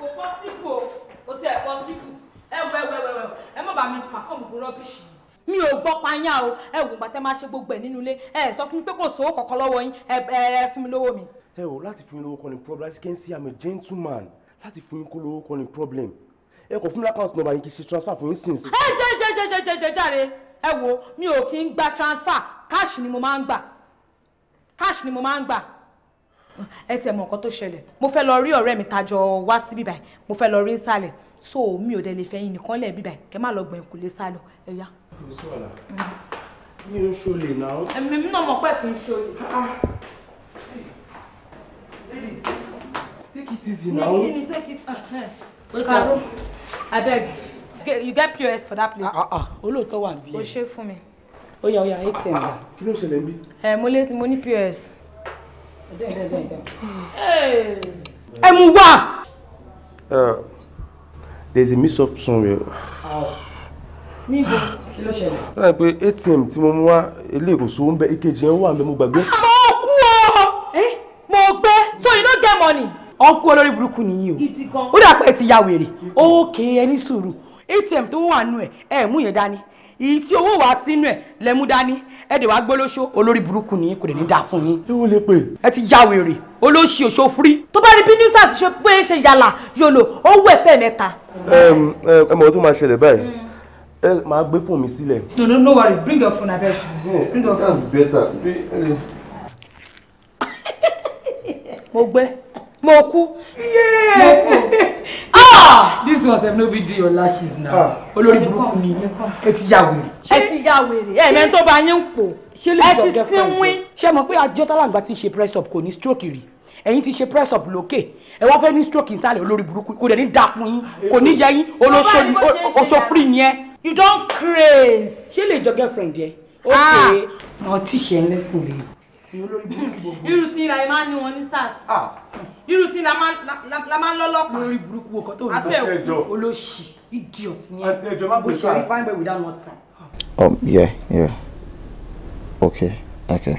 kò pọ́ sípò o ti ẹ̀ pọ́ sípò ẹ wẹ wẹ wẹ ẹ má bá mi pàfọ́ọ̀mù gbogbo rọ́bìṣì yìí mi ò gbọ́ payá o ẹ wò gbàtẹ́ máa ṣe gbogbo ẹ̀ nínú ilé ẹ sọ fún mi pé kò sówó kankan lọ́wọ́ yín ẹ ẹ fún mi lówó mi. ẹ o láti fún mi lówó kan ní problem as you can see i'm a gentleman láti fún yín kó lówó kan ní problem ẹ kò fún mi lákàtúntì nọ́mbà yín kì í ṣe transfer fún yín sins. ẹ jẹ jẹ jẹ jẹ jẹ jẹ jàre ẹ wo mi ò kí ń gba transfer cash ni mo máa ń gbà cash ni mo máa ń gbà ẹ tẹ̀ mọ̀ nǹkan tó ṣẹlẹ̀ mo fẹ́ lọ rí ọ̀rẹ́ mi tajọ wá sí bíbà yìí mo fẹ́ lọ rí nsàlẹ̀ so mi ò dẹ̀ lè fẹ́yìn nìkan lẹ̀ bíbà yìí kẹ́ má lọ gbọ̀n ìkùlé sálọ ẹ yá. mi ò ṣolè náà. èmi náà mọ̀ pé kì í ṣolè. Ah, ah. take it easy now. Ah, eh. o sàrò abeg you get pos for that place. olóòótọ́ wà bí. o ṣe fún mi. ó yá ó yá atm. kí ló ń ṣẹlẹ̀ bí. ẹ eh, mo ní pos ẹ mú wá. there is a mix up somewhere. níbo kí ló ṣẹlẹ̀. ó dàbí pé atm tí mo mú wá ilé ìkóso ń bẹ èkejì yẹn wà ń bẹ mo gbàgbé. Ah, mo kú ọ mo gbé so you no get money. ọkú olórí burúkú nìyí o ó dà pé ẹ ti ya wèrè ó kéé ẹni sùúrù atm tó wà nù ẹ̀ ẹ̀ mú yẹn dání èyí tí owó wà sínú ẹ̀ lẹ mú dání ẹ̀ dẹ̀ wá gbólóṣó olórí burúkú ni kò lè ní dáa fún yín. ewu lè pè. ẹ ti ya wèrè olóṣì òṣò fúrí. tó bá rí bí news àti ṣe pé ṣe yàlà yòlò ó wẹ̀ tẹ̀ mẹ́ta. ẹ ẹ mọ̀ ọ́ tó máa ṣẹlẹ̀ báyìí ẹ máa gbé fóònù mi sílẹ̀. no no no worry bring your phone abeg bring your phone. Eh. mo gbé mo kú mo kú yourself no be do your lashes now ah. olórí burúkú ni ẹ ti ya wèrè. ẹ ti ya wèrè ẹ mẹ́rin tó bá yín ń pò ẹ ti ṣé mo pé àjọ tálàǹgbà ti ṣe press up kò ní stroke rí ẹ̀yin ti ṣe press up lókè ẹ wá fẹ́ ní stroke ìsàlẹ̀ olórí burúkú kò dẹ̀ ní da fún yín kò ní yẹ yín olóṣèlú oṣòfúrì ni ẹ. you don craze. ṣé lè jọ girlfriend yẹ. Ah. ok ọtí ṣe ń lẹ́sìn lè. irú tí ìlà yìí máa ń ní wọn ní sars. Ah irú sí la máa ń lọ́lọ́pàá. lórí burúkú ọkọ tó ń bọ̀ àfẹ́ olóṣì idiot ni ẹ bó ṣe rí fine boy without nothing. Um, yeah, yeah. Okay, okay.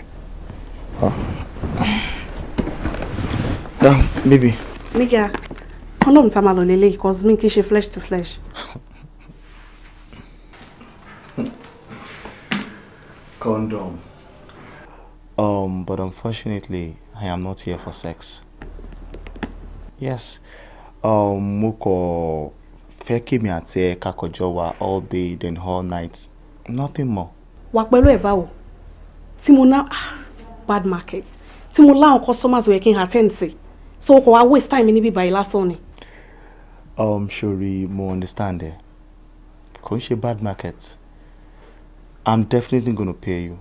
Oh. Uh, Down, baby. Mika, condom tá a máa lò lélẹ̀ because mi kì ṣe flesh to flesh. Condom. Um, but unfortunately, I am not here for sex. Yes. Um, mo kọ̀ fẹ́ kémi àti ẹ kakọjọ wa all day then all night. Nothing more. Wà pẹ̀lú ẹ̀ báwo? Tí mo ná ah, bad market. Tí mo láwọn customers wẹ̀ kí n attend sí. So o kò wá waste time níbí báyìí lásán ni. Um, Ṣorí, mo understand ẹ. Kò ń ṣe bad market. I'm definitely gonna pay you.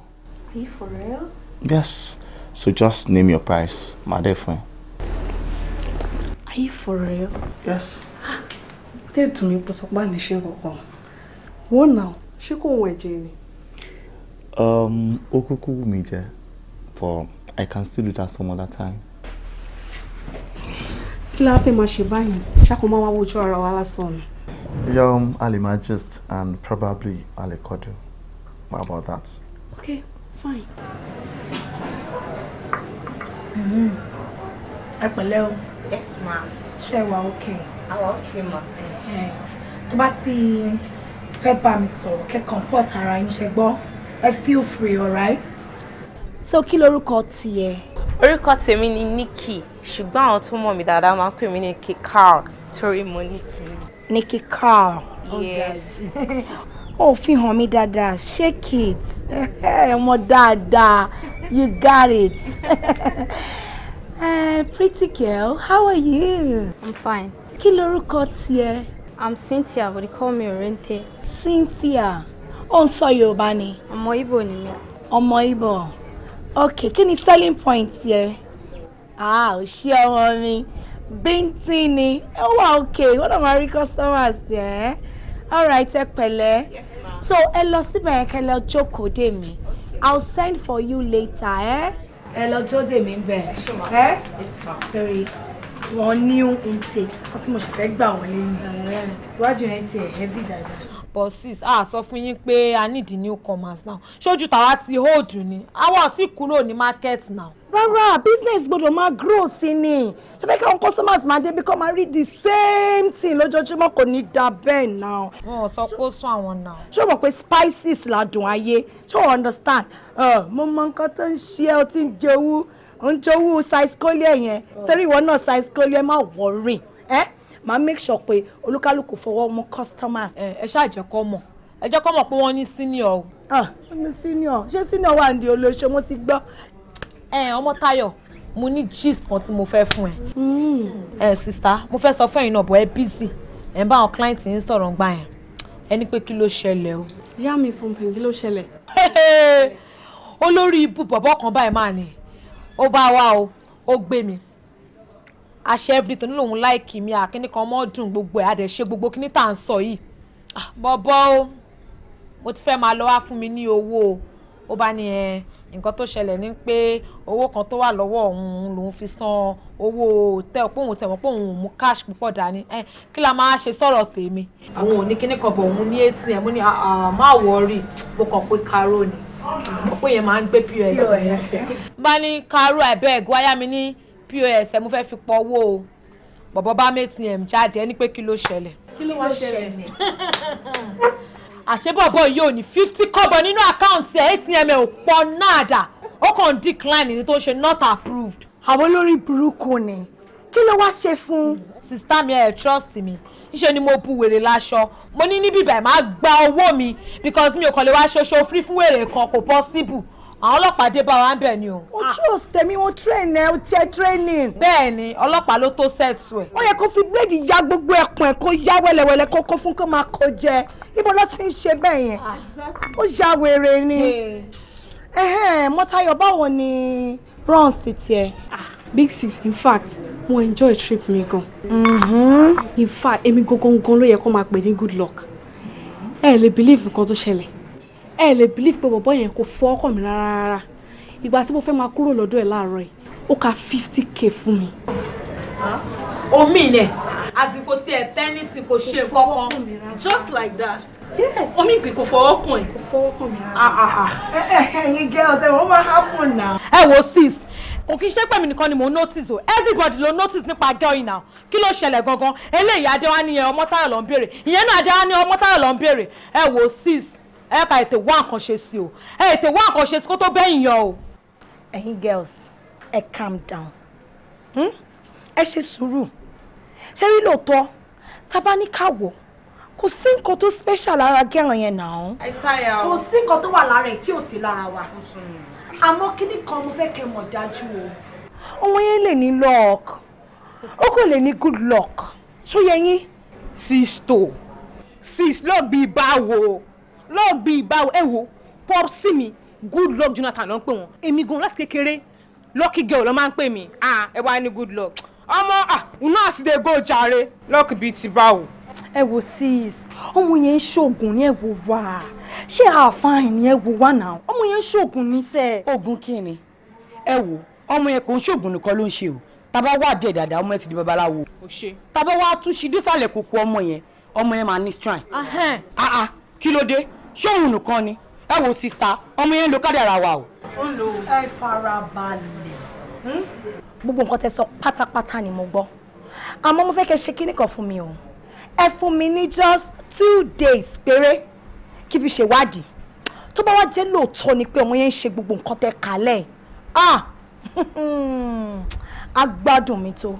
Are you for real? Yes. So just name your price. Màá dẹ̀ fún Are you for real? Yes. Tell to me, pọ̀ sọ́pá ní ṣe What Wọ́n náà ṣé kò wọ ẹ̀jẹ̀ ni? Um, ó kúkú wù but I can still do that some other time. Kí la fẹ́ máa ṣe báyìí? Ṣáko máa son. Yum, Ali Majest and probably Ali Alekodu. How about that? Okay, fine. Mm-hmm. Ẹ pẹ̀lẹ́ o yes ma'am. ṣe wa ókè. àwa ókè ma. tó bá ti fẹ́ bá mi sọ̀rọ̀ kẹ́kọ̀ọ́ pọ̀ tara yín ṣe gbọ́ ẹ feel free alright. so kí lorúkọ tiẹ̀. orúkọ tèmi ni Nikki ṣùgbọ́n àwọn tó mọ̀ mí dáadáa máa ń pè mí ní Nikki Carl torí mo Nikki. Nikki Carl. Oh, yes. ó fi hàn mí dáadáa shake it ọmọ dáadáa you got it. Uh, pretty girl, how are you? I'm fine. Kí lorúkọ tiẹ̀? I'm Cynthia, but they call me Orente. Cynthia, ó ń sọ Yorùbá ni? Ọmọ ni mi. Ọmọ ibo. Okay, kini selling point tiẹ̀? Ah, ò ṣe ọmọ mi. Bíntín ni. Ẹ okay, What are my customers there? All right, ẹ pẹ̀lẹ́. Yes, ma'am. So ẹ lọ síbẹ̀ yẹn kẹ́ lọ jókòó I'll send for you later, eh? ẹ lọ jó dèmí ń bẹ ẹ sorry wọn new intakes wọn tí mo ṣe fẹ́ gbà wọn lẹ́yìn tíwájú yẹn ti ẹ̀ heavy dáadáa. but sis a sọ fún yín pé i need new comers now ṣojú tàwa ti hold ni àwọn ò tí kúrò ní market now rárá business gbọ́dọ̀ máa grow sí ni ṣe fẹ́ káwọn customers máa dé bí kò máa rí the same thing lójoojúmọ́ kò ní da bẹ́ẹ̀ náà. wọn ò sọ pé ó sún àwọn náà. ṣé o mọ̀ pé spices ládùn ayé ṣé o understand mo mọ nǹkan tó ń ṣe ẹ o ti ń jowú ń jowú saiscolia yẹn torí ìwọ náà saiscolia má wọrí ẹ máa make sure pé olúkálùkù fọwọ́ mú customers. ẹ ẹ ṣáà jẹ́ kó mọ̀ ẹ jẹ́ kọ́ mọ̀ pé wọ́n ní senior o. ah mi senior ṣé senior wà ní olóṣè mo ti gbọ́ ẹ ọmọ Táyọ̀ mo ní gist kan tí mo fẹ́ fún ẹ. Hmm. ẹ sista mo fẹ́ sọ fún ẹ̀yin náà bọ̀ ẹ bísì ẹ̀ ń bá àwọn client yín sọ̀rọ̀ gbà yẹn ẹ ní pé kí ló ṣẹlẹ̀ o. yá mi something kí ló ṣẹlẹ̀. olórí ibú bọ̀bọ̀ kan báyìí máa ní ó bá wa o ó gbé mi àṣẹ everything lòun láìkì mi àkíní kan mọ́ dùn gbogbo ẹ̀ àdẹ̀ ṣe gbogbo kíní tá à ń sọ yìí ah, bọ̀bọ̀ o mo ti fẹ́ máa lọ wá fún mi ní owó o ó bá ní ẹ nǹkan tó ṣẹlẹ̀ ni pé owó kan tó wà lọ́wọ́ òun lòun fi san owó tẹ́ pé òun tẹ̀wọ́n pé òun mú cash púpọ̀ dání ẹ kí la máa ṣe sọ̀rọ̀ tèmi. àwọn ò kíní kan bọ̀ òun ní atm ó ní ah, ah, máa wọrí mo kàn pé karo ni mo pé yẹn máa ń gbé pos. bá ní karo ẹ̀bẹ̀ ẹ̀gọ́ ayá mi ní pos ẹ̀ mo fẹ́ fi pọ̀ owó o bọ̀bọ̀ bá mẹ́tì ẹ̀ jáde ẹ ní pé kí ló ṣẹlẹ̀. kí ló wá ṣẹlẹ̀ àṣebọ̀bọ̀ yìí ò ní fifty kọ́bọ̀ nínú àkáǹtì ẹ̀ atm ẹ̀ ò pọ̀ náà dà ó kàn decline ní tó ṣe not approved. àwọn olórí burúkú ni kí ló wá ṣe fún. sista mi ẹ trust mi níṣẹ́ ni mo bu wèrè láṣọ mo ní níbí bẹ́ẹ̀ máa gba owó mi because mi ò kàn lè wá ṣoṣo free fún wèrè kan kò possible àwọn ọlọ́pàá dé bá wa ń bẹ̀ ni o. ojú òsè mi wọn train ẹ o tiẹ training. bẹ́ẹ̀ ni ọlọ́pàá ló tó sẹ́ẹ̀tù ẹ̀. ó yẹ kó fi bíléèdì ya gbogbo ẹkùn ẹ̀ kó ya wẹ́lẹ́wẹ́lẹ́ kó kó fún kó máa kó jẹ ibo ló ti ń ṣe bẹ́ẹ̀ yẹn ah, ó ya wèrè ni. mọ́tayọ̀ báwo ni runs ti tiẹ̀. Ah. big six in fact mo enjoy trip mi gan. Mm-hmm. in fact èmi gangan ló yẹ kó máa pè ní good luck. ẹ lè believe nǹkan tó ṣẹlẹ̀ ẹ lè believe pé bọ̀bọ̀ yẹn kò fọ́ ọkọ mi rárá rárá ìgbà tí mo fẹ́ máa kúrò lọ́dọ̀ ẹ̀ láàárọ̀ yìí ó ka fifty k fún mi. omi nẹ àsìkò tí ẹ tẹ́ni tí kò ṣe kankan just like that omi ìpè kò fọwọ́ kàn ẹ̀. kò fọwọ́ kàn mi rárá. Ah, ah, ah. eh, eh, eh, ẹyin girls ẹ wọ́n máa happen now. ẹ wo sis kò kí n ṣe pẹ̀mí nìkan ni mò notice o everybody ló notice nípa girl yìí now kí ló ṣẹlẹ̀ gangan eléyìí adéwá ni ọmọ táyọ̀ ló ń ìyẹn náà adéwá ni ọmọ táyọ̀ ló ń ẹ wo sis ẹ ká ètè wá nǹkan ṣe sí o ẹ ètè wá nǹkan sí kó tó bẹ́yìn yọ o. ẹ̀yin girls ẹ calm down hmm? ẹ ṣe sùúrù ṣé rí lóòótọ́ tá a ní ká wò kò sí nǹkan tó special lára gẹ́ràn yẹn náà. kò sí nǹkan tó wà lára ẹ̀ tí ò sí lára wa àmọ́ kíní kan mo fẹ́ kẹ́ mọ̀ dájú o ọmọ yẹn lè ní luck ó kò lè ní good luck ṣó yẹ yín. sis to sis luck bíi báwo lọ́ọ̀gbì ìbáwò ẹ wo pọ́p Simi, good luck Jonathan ló ń pè wọ́n èmi gan láti kékeré lucky girl ló máa ń pè mí ah ẹ wá ní good luck ọmọ ah una sì dé go jàre luck bíi ti báwò. ẹ wo sis ọmọ yẹn ń ṣoògùn ní ẹwọ wá ṣé àfààní ní ẹwọ wá náà ọmọ yẹn ń ṣoògùn ní sẹ. oògùn kí ni ẹ wo ọmọ yẹn kò ń ṣoògùn nìkan ló ń ṣe o tàbá wà díẹ̀ dáadáa ọmọ yẹn ti di babaláwo tàbá wà túnṣe dísàlẹ̀ kókó ọmọ yẹn ọmọ yẹn máa ní strine. Ah, ah, kí ló dé ṣóhun nìkan ni ẹ wo sista ọmọ yẹn ń lo kádàrà wa o. ó ń lo ẹ farabalẹ̀. Hmm? gbogbo nǹkan tẹ sọ pátápátá ni mo gbọ́ àmọ́ mo fẹ́ kẹ́ ṣe kíní fún mi o ẹ fún mi ní just two days péré kí fi ṣèwádìí tó bá wá jẹ́ lóòótọ́ ni pé ọmọ yẹn ń ṣe gbogbo nǹkan tẹ kalẹ̀ ah agbádùn mi tó.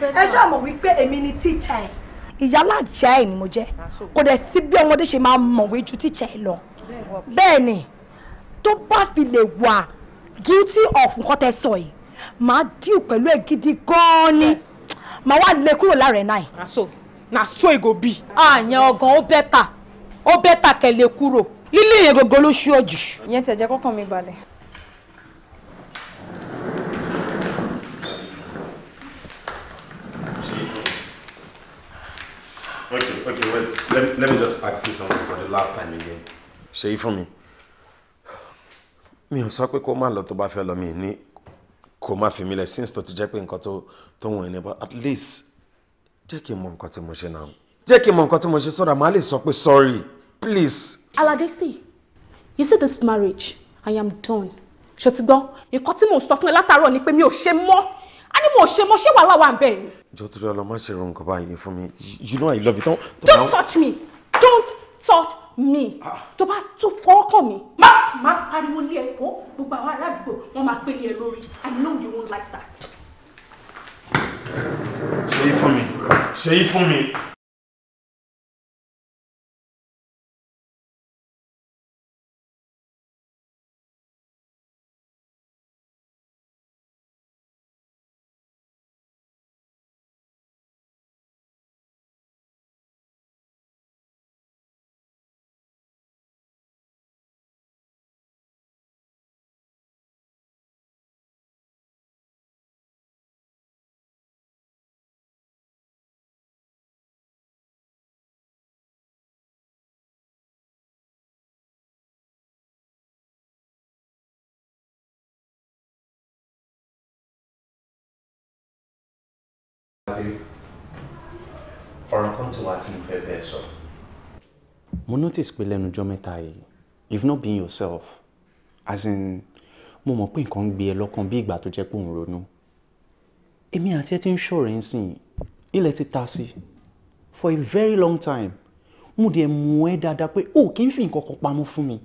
ẹ ṣáà mọ̀ wípé èmi ni tíṣà ẹ̀ ìyálàjà ẹ̀ ni mo jẹ́ kò dẹ̀ sí bí ọmọdé ṣe máa mọ̀wé ju tíṣà ẹ̀ lọ bẹ́ẹ̀ ni tó bá fi lè wà guilty of nǹkan tẹ́ sọ yìí màá díù pẹ̀lú ẹ̀ gidi gan-an ni màá wá lé kúrò lára ẹ̀ náà. na so na so e go be. àyàn ọgàn ó bẹ́tà ó bẹ́tà kẹ́ lè kúrò lílé yẹn gògó ló ṣú ọ̀jù. ìyẹn tẹ̀jẹ̀ kọ́kàn mi balẹ̀. okay, wait. Let, let me just ask you something for the last time again. Ṣèyí fún mi. Mi ò sọ pé kó má lọ tó bá fẹ́ lọ mi ní kó má fi mi lẹ̀ since tó ti jẹ́ pé nǹkan tó tó wọ̀nyí ni but at least jẹ́ kí n mọ nǹkan tí mo ṣe náà. Jẹ́ kí n mọ nǹkan tí mo ṣe sọ́dà máa lè sọ pé sorry please. Aladesi, you see this marriage, I am done. Ṣé o ti gbọ́? Nǹkan tí mò ń sọ fún ẹ látàárọ̀ ni pé mi ò ṣe mọ́ a ní mo ṣe mo ṣe wàhálà wa bẹ́ẹ̀ ni. ọlọ má ṣe ronú kọba fún mi you know i love you. don't touch me don't touch me ah. tó bá tún fọwọ́ kàn má má pariwo lé ẹ gbogbo àwọn aládùúgbò wọn máa pélé ẹ lórí i know you won't like that. ṣe é fún mi ṣe é fún mi. Aviv ọ̀rọ̀ kan ti wà tí mo fẹ́ bẹ́ẹ̀ sọ. mo notice pé lẹ́nu ọjọ́ mẹ́ta yìí you've not been yourself as in mo mọ̀ pé nǹkan ń gbé ẹ lọ́kàn bí ìgbà tó jẹ́ pé òun ronú èmi àti ẹ ti ń ṣọ̀rẹ́ ń sìn ilẹ̀ ti ta sí for a very long time mo dẹ̀ mú ẹ dáadáa pé o kì í fi nǹkan kan pamọ́ fún mi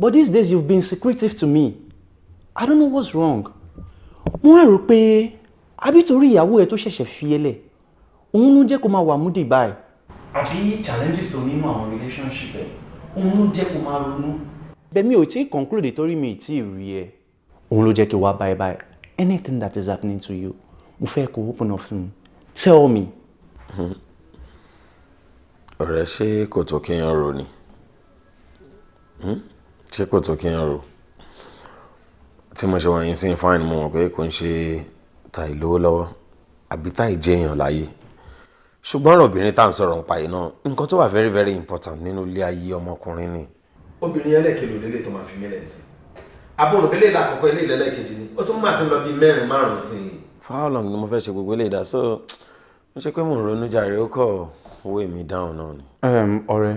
but these days you've been secretive to me i don't know what's wrong mo rò pé àbí torí ìyàwó ẹ tó ṣẹ̀ṣẹ̀ fi ẹ lẹ̀ òun ló jẹ́ kó máa wà múdì báyìí. àbí challenges tó nínú àwọn relationship ẹ òun ló jẹ́ kó máa ronú. bẹ́ẹ̀ mi ò tí ì conclude torí mi ì tí ì rí ẹ òun ló jẹ́ kí wá báyìí báyìí anything that is happening to you mo fẹ́ kó open up fún mi tell me. ọ̀rẹ́ ṣé kò tó kí n rò ni hmm? ṣé kò tó kí n rò tí mo ṣe wọ̀nyí sí fine mo mọ̀ pé kò ń ṣe ta ìlówó lọ́wọ́ àbí ta ìjẹyàn láyé ṣùgbọ́n obìnrin tá à ń sọ̀rọ̀ ń pa yìí nǹkan tó wà very very important nínú ilé ayé ọmọkùnrin ni. obìnrin ẹlẹ́kẹ̀lẹ́ òlélẹ̀ tó máa fi mílẹ̀ sí àbúrò ilé ìlà àkọ́kọ́ ilé ìlẹ̀ ni ó tún máa ti lọ bíi mẹ́rin márùn-ún sí i. how long ni mo fẹ́ ṣe gbogbo ilé ìdá so mo ṣe pé mò ń ronú jàre ó kọ̀ owó èmi dáhùn náà ni. ọ̀rẹ́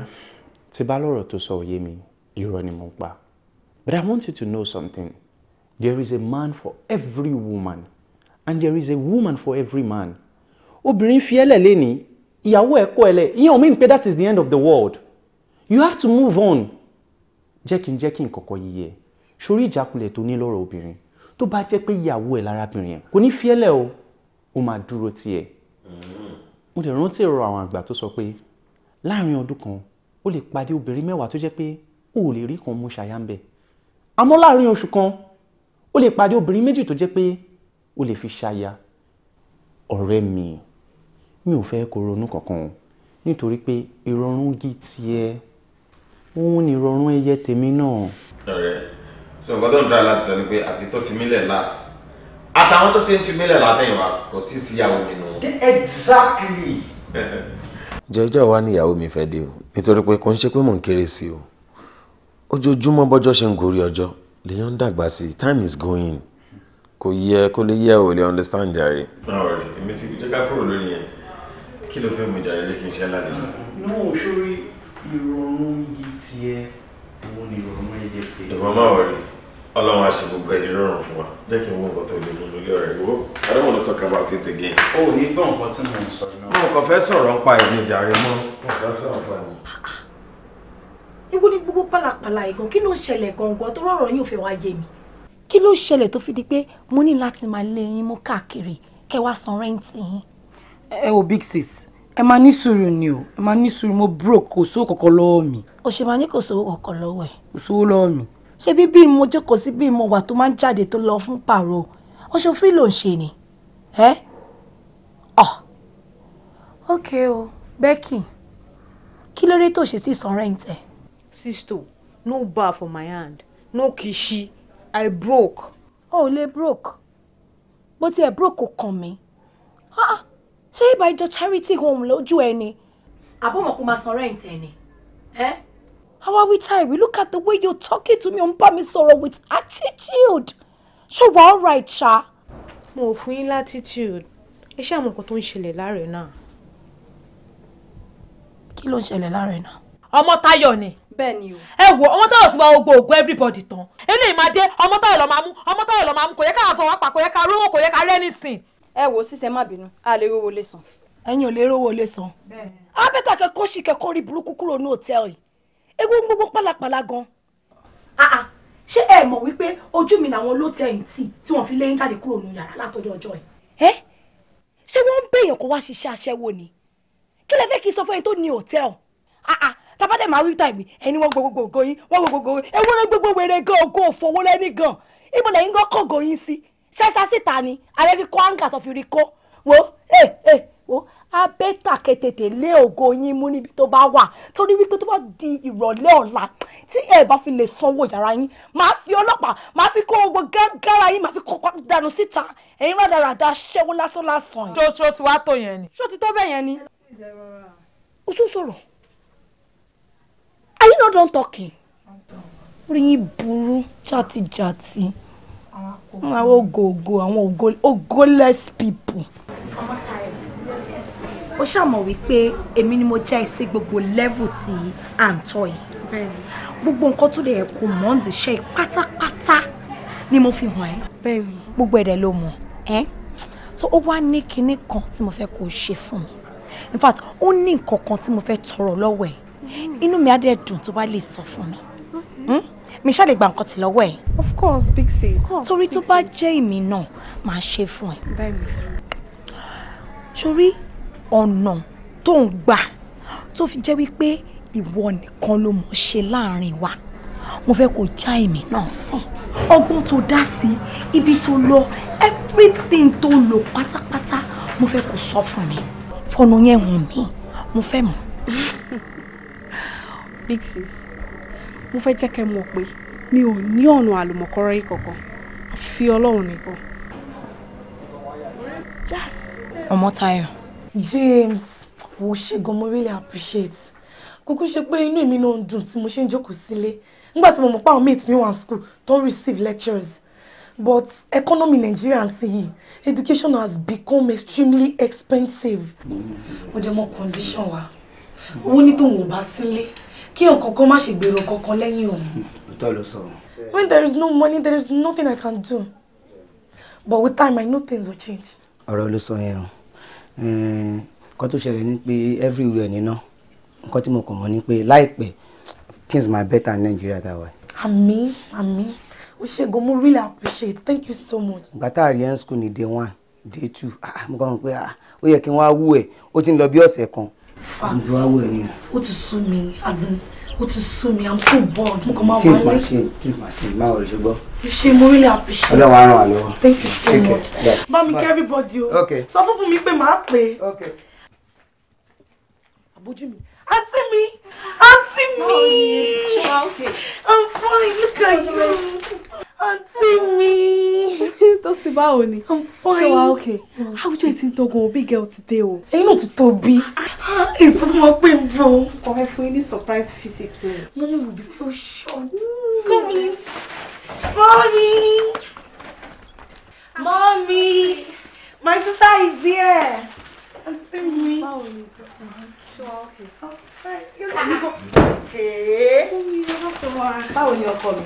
tí bá lọ́rọ̀ tó sọ òye mi irọ́ ni mo pa but I want you to know something there is a man for every woman and there is a woman for every man obìnrin fi ẹlẹ̀ lẹ́ni ìyàwó ẹ̀ kọ́ ẹlẹ̀ ìyẹn ò mean pé that is the end of the world you have to move on jẹ́ kí n jẹ́ kí n kọ̀kọ́ yíyẹ sórí ìjákulẹ̀ tó ní lọ́rọ̀ obìnrin tó bá jẹ́ pé ìyàwó ẹ̀ lárábìnrin yẹn kò ní fi ẹlẹ̀ o ó máa dúró tiẹ̀ mo lè rántí ọ̀rọ̀ àwọn àgbà tó sọ pé láàrin ọdún kan o lè pàdé obìnrin mẹ́wàá tó jẹ́ pé o ò lè rí kan mú ṣayá ń bẹ̀ àmọ́ láàrin oṣù kan o lè pàdé obìnrin méjì tó jẹ́ pé o lè fi ṣaya ọ̀rẹ́ mi mi ò fẹ́ kó ronú kankan o nítorí pé ìrọ̀rùn gí tiẹ̀ òun ni ìrọ̀rùn ẹyẹ tèmi náà. ọ̀rẹ́ so nǹkan tó ń try láti sọ ni pé àti tó fi mílẹ̀ last àtàwọn tó ti ń fi mílẹ̀ látẹ̀yìnwá kò tí ì síyàwó mi nù. exactly. jẹ́jẹ́ wa ni ìyàwó mi fẹ́ dé o nítorí pé kò ń ṣe pé mò ń kéré sí o ojoojúmọ́ bọ́jọ́ ṣe ń gorí ọjọ́ lèèyàn ń dàgbà sí time is going kò yẹ kó lè yẹ ò lè understand jàre. ọ̀rẹ́ èmi ti jẹ́ ká kúrò lórí yẹn kí ló fẹ́ mú jàre lé kí n ṣe alálejò. náà sórí ìrọ̀rùn yìí tiẹ̀ òun ni ìrọ̀rùn ẹ̀jẹ̀ pé. ìwọ máa wọrí ọlọ́run àṣẹ gbogbo ẹni rọrùn fún wa jẹ́ kí n wọ nǹkan tó lè mú nílé ọ̀rẹ́ wo I don't want to talk about it again. o ò ní gbọ́ nǹkan tí mo ń sọ náà. mo kàn fẹ́ sọ̀rọ̀ pa ìdí jàre mọ́. ewu ni gbogbo pálapàla ìgàn kí ló ń ṣẹlẹ̀ gangan tó rọrùn yóò fẹ́ wá yé mi kí ló ṣẹlẹ̀ tó fi di pé mo ní láti máa lé yín mú káàkiri kẹ́ wá san rẹ́ǹtì yín. ẹ wo big sis ẹ máa ní sùúrù ni o ẹ máa ní sùúrù mo broke kò sówó kankan lọ́wọ́ mi. o ṣe máa ní kò sówó kankan lọ́wọ́ ẹ̀. kò sówó lọ́wọ́ mi. ṣé bí bí mo jókòó sí bí mo wà tó máa ń jáde tó lọ fún pààrọ̀ ọṣọ frí ló ń ṣe ni. ẹ ọ ok o Becky kí ló dé tó ṣe sí san rẹ́ǹtì ẹ̀. sisto no bar for my hand no kishi I broke. o ò lè broke bó tiẹ̀ broke kò kàn mí ah, ah. ṣé ibà ìjọ charity home lójú ẹ ni. àbọ̀ mọ̀ kó máa san rent ẹ ni. we wí We look at the way you're talking to me on ń bá mi sọ̀rọ̀ with attitude ṣé wàá all right ṣá. mo ò fún yín latitude iṣẹ́ àwọn nǹkan tó ń ṣẹlẹ̀ láre náà. kí ló ń ṣẹlẹ̀ láre náà. ọmọ Táyọ̀ ni bẹ́ẹ̀ni o. ẹ wo ọmọ táwọn ti wá gbogbo ògùn everybody tán eléyìí máa dé ọmọ táwọn lọ máa mú ọmọ táwọn lọ máa mú kò yẹ ká àtọ̀ wá pa kò yẹ ká rówó kò yẹ ká rẹ́ anything. ẹ wo sísẹ má bínú a lè rówó lè san. ẹ̀yin ò lè rówó lè san. abẹ́tà kẹ́kọ́ sì kẹ́kọ́ rí burúkú kúrò ní hòtẹ́ẹ̀lì ewu ń gbogbo pálapàla gan. Ah, ah, ṣé ẹ mọ̀ wípé ojú mi làwọn olóòtẹ́yìn tì tí wọ́n fi léyìn jáde kúrò nínú yàrá látọjọ́ ọjọ́ ẹ̀. ẹ ṣé wọ́n ń béèyàn kó wá ṣiṣẹ́ aṣẹ́wó ni kí lẹ fẹ́ kí n sọ fún ẹni tó Tapa tábàdẹ̀ máa wí tàìmì ẹni wọ́n gbogbo ògo yín wọ́n gbogbo ògo yín ewúrẹ́ gbogbo wèrè gan ògo òfowó lẹ́ni gan ibo lẹ́yìn gan kò ògo yín sí ṣẹ́ṣá síta ni ààrẹ fi kó àǹkà tó fi rí kó wo ẹ ẹ wo abẹ́tà kẹtẹ̀tẹ̀ lé ògo yín mú níbi tó bá wà torí wípé tó bá di ìrọ̀lẹ́ ọ̀la tí ẹ bá fi lè sanwó yàrá yín máa fi ọlọ́pàá máa fi kó gbogbo gágárà yín máa fi kó dànù síta ẹ̀yin rádaràda ṣẹ́wó lásán lásán. ṣó ṣó ti wá tó yẹn ni. ṣó ti tó bẹ́ẹ̀ yẹn ni. o tún sọ̀rọ̀. Are you not done talking? Orí yín burú jàtijàti. Àwọn ògògò go ògòless people. Ó ṣàmọ̀ wípé èmi ni mo já ẹ sí gbogbo level tí à ń tọ́ ẹ. Gbogbo nǹkan tó lè the command mọ̀ ń pata. pátápátá ni mo fi hàn ẹ́. Bẹ́ẹ̀ni. Gbogbo ẹ̀dẹ̀ ló mọ̀ ẹ́. So ó wá ní kinní kan mo fe ko ṣe fún mi. In fact, ó ní nǹkan mo fe tọrọ lọ́wọ́ inú mi á dẹ̀ dùn tó bá lè sọ fún mi hmm? mi ṣáà lè gba nǹkan tí lọ́wọ́ ẹ̀. of course big sis. torí tó bá jẹ́ èmi náà màá ṣe fún ẹ. sórí ọ̀nà tó ń gbà tó fi jẹ́ wípé ìwọ nìkan ló mọ̀ ṣe láàrin wa mo fẹ́ kó já èmi náà sí. ọgbọ́n tó dá sí ibi tó lọ everything tó lò pátápátá mo fẹ́ kó sọ fún mi fọnà yẹn hùn mí mo fẹ́ mọ̀. big mo fẹ́ jẹ́ kẹ́ mọ̀ pé mi ò ní ọ̀nà àlùmọ̀kọ́rọ́ yìí kankan àfi ọlọ́run nìkan. yes. Ọmọ́táyọ̀. James wo ṣe gan mo really appreciate kúkú ṣe pé inú èmi náà ń dùn tí mo ṣe ń jókòó sílé nígbà tí mo mọ̀ pé àwọn mates mi wà school tó ń receive lectures but economy Nigeria ń sìn yìí education has become extremely expensive. mo mọ́ condition wa owó ní tòun ò bá sílé kí nǹkan má ṣe gbèrò kankan lẹ́yìn òun. òótọ́ ló sọ. when there is no money there is nothing i can do but with time i know things will change. ọ̀rọ̀ ló sọ yẹn o nǹkan tó ṣẹlẹ̀ ni pé everywhere nínà nǹkan tí mo kàn mọ́ ni pé láìpẹ́ things ma better in Nigeria that way. àmín àmín oṣègùn mo really appreciate thank you so much. ìgbà tá a rí ẹ́ school ní day one day two ah, mo kàn mọ̀ pé ah, ó yẹ kí n wá wú ẹ̀ ó ti ń lọ bí ọ̀sẹ̀ kan fact ó ti sú mi as in ó ti sú mi i'm so bored mo kàn máa things ma change things ma change My wọlé job. You should really appreciate I don't want aràn àlọ́. thank you so Take much. bá mi kẹ́ everybody Okay. So I'm gonna pé màá pè é. àbójú mi. Auntie me! Auntie me! okay. I'm fine, look at you! Auntie me! Tó sì báwo ni? I'm fine. Ṣé wa okay? Àwùjọ ti ń tọgọ òbí girl ti dé o. Ẹyin náà tún tóbi. Èso fún ọ pé ń bọ̀. Ọ̀rẹ́ fún yín ní surprise visit Mommy will be so short. Mm. Come in. Mommy! Mommy! My sister is here! Auntie me! Báwo sure okay. Oh, right. You can go. Hey. Báwo ni ọkọ mi?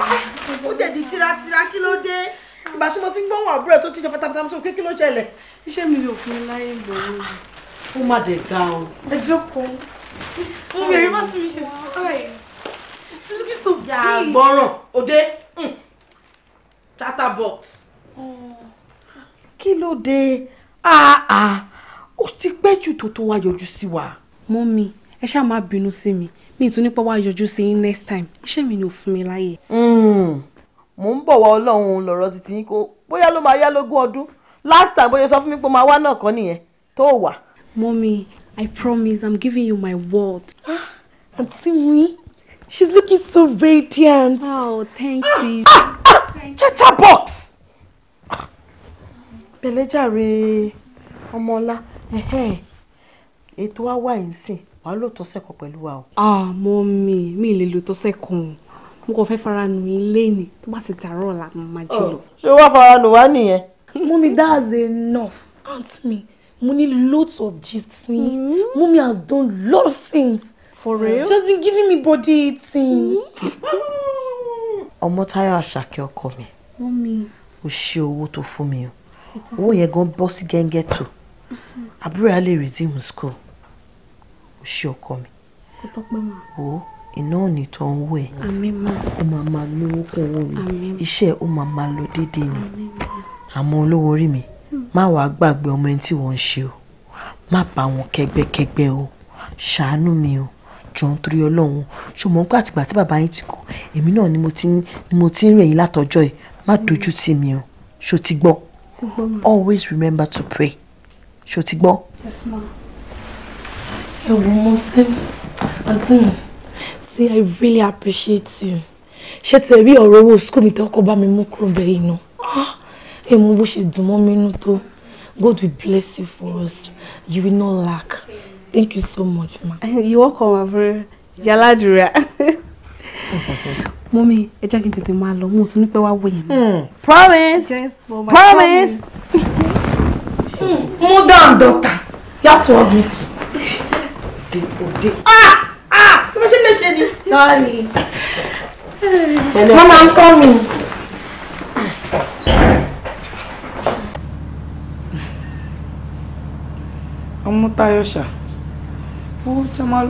Ah, ó dẹ̀ di tíratíra kí ló dé? Ìgbà tí mo ti ń gbọ́ wọn àbúrò tó ti jọ pátápátá mo sọ pé kí ló ṣẹlẹ̀? Iṣẹ́ mi ò fún mi láyé ìgbòho. Ó má dẹ̀ ga o. Ẹ jókòó. Mo bèrè má tún mi ṣe fáì. Suzuki so big. Àgbọràn òde Tata hmm. box. Oh. Kí ló dé? Ah ah ó ti pẹ́ jù tó tó wá yọjú sí wa. mọ́mì ẹ ṣáà má bínú sí mi mi ì tún nípa wá yọjú sí yín next time iṣẹ́ mi ni ò fún mi láyè. Hmm. mò ń bọ̀ wá ọlọ́run lọ̀rọ̀ títí kó bóyá ló máa yá lógún ọdún last time bóyá sọ fún mi pé máa wá náà kọ́ nìyẹn tó wà. mọ́mì I promise I'm giving you my word. Ah, àǹtí mi she's looking so radiant. oh thank ah, you. Ah, chatterbox. pẹ̀lẹ́ jàre ọmọọlá ètò wa wà yìí sìn wàá lò tọ́sẹ̀ kan pẹ̀lú wa o. àmọ́ mi mi lè lo tọ́sẹ̀ kan o mo kàn fẹ́ fara nù yín léèní tó bá ti dàárọ̀ la máa jí lọ. ṣé wàá fara nù wá nìyẹn. mummy that's enough aunt mi mo ní lots of gist fún yín mummy mm-hmm. has done lot of things. for real she has been giving me body eating. Mm-hmm. ọmọ táyà àṣàkẹ́ ọkọ mi o ṣe owó tó fún mi o owó yẹn gan bọ́ sí gẹ́ngẹ́ tó. Mm-hmm àbúrò á lè resume school ó ṣe ọkọ mi. kò tọ́pẹ́ mọ́. wo iná ò ní tán owó ẹ̀. àmín mọ́. ó máa máa lówó kó owó ni iṣẹ́ ó máa máa lọ déédéé ni àmọ́ olówó orí mi hmm. má wàá gbàgbé ọmọ ẹni tí wọ́n ń ṣe o má bá wọn kẹ́gbẹ́kẹ́gbẹ́ o ṣàánú mi o jọ̀ọ́ nítorí ọlọ́run ṣùgbọ́n pé àtìgbà tí bàbá yín ti kú èmi náà ni mo ti ń rìn yín látọjọ́ yìí má dojú tì mí o ṣó ti gbọ́ always remember to pray ṣó ti gbọ́. yes ma ẹ wo mo ṣe àǹtí mi say i really appreciate you ṣé tẹ̀ rí ọ̀rọ̀ owó sukùl mi tẹ́kọ̀ bá mi mú kúrò bẹ́ẹ̀ iná ah, ẹ mú bó ṣe dùn mọ́ mi inú tó god will bless you for us you will not lack thank you so much ma. you welcome abúlé yaladura. mọ́mí ẹ jẹ́ kí n tètè máa lọ mo tún ní pẹ́ wá wòye. Hmm, promise promise. promise. mother and daughter you have to hug me too. ah ah tí mo ṣe lè sorry. mama ń kọ́ I'm ọmọ Táyọ̀ ṣá owó jẹ́ máa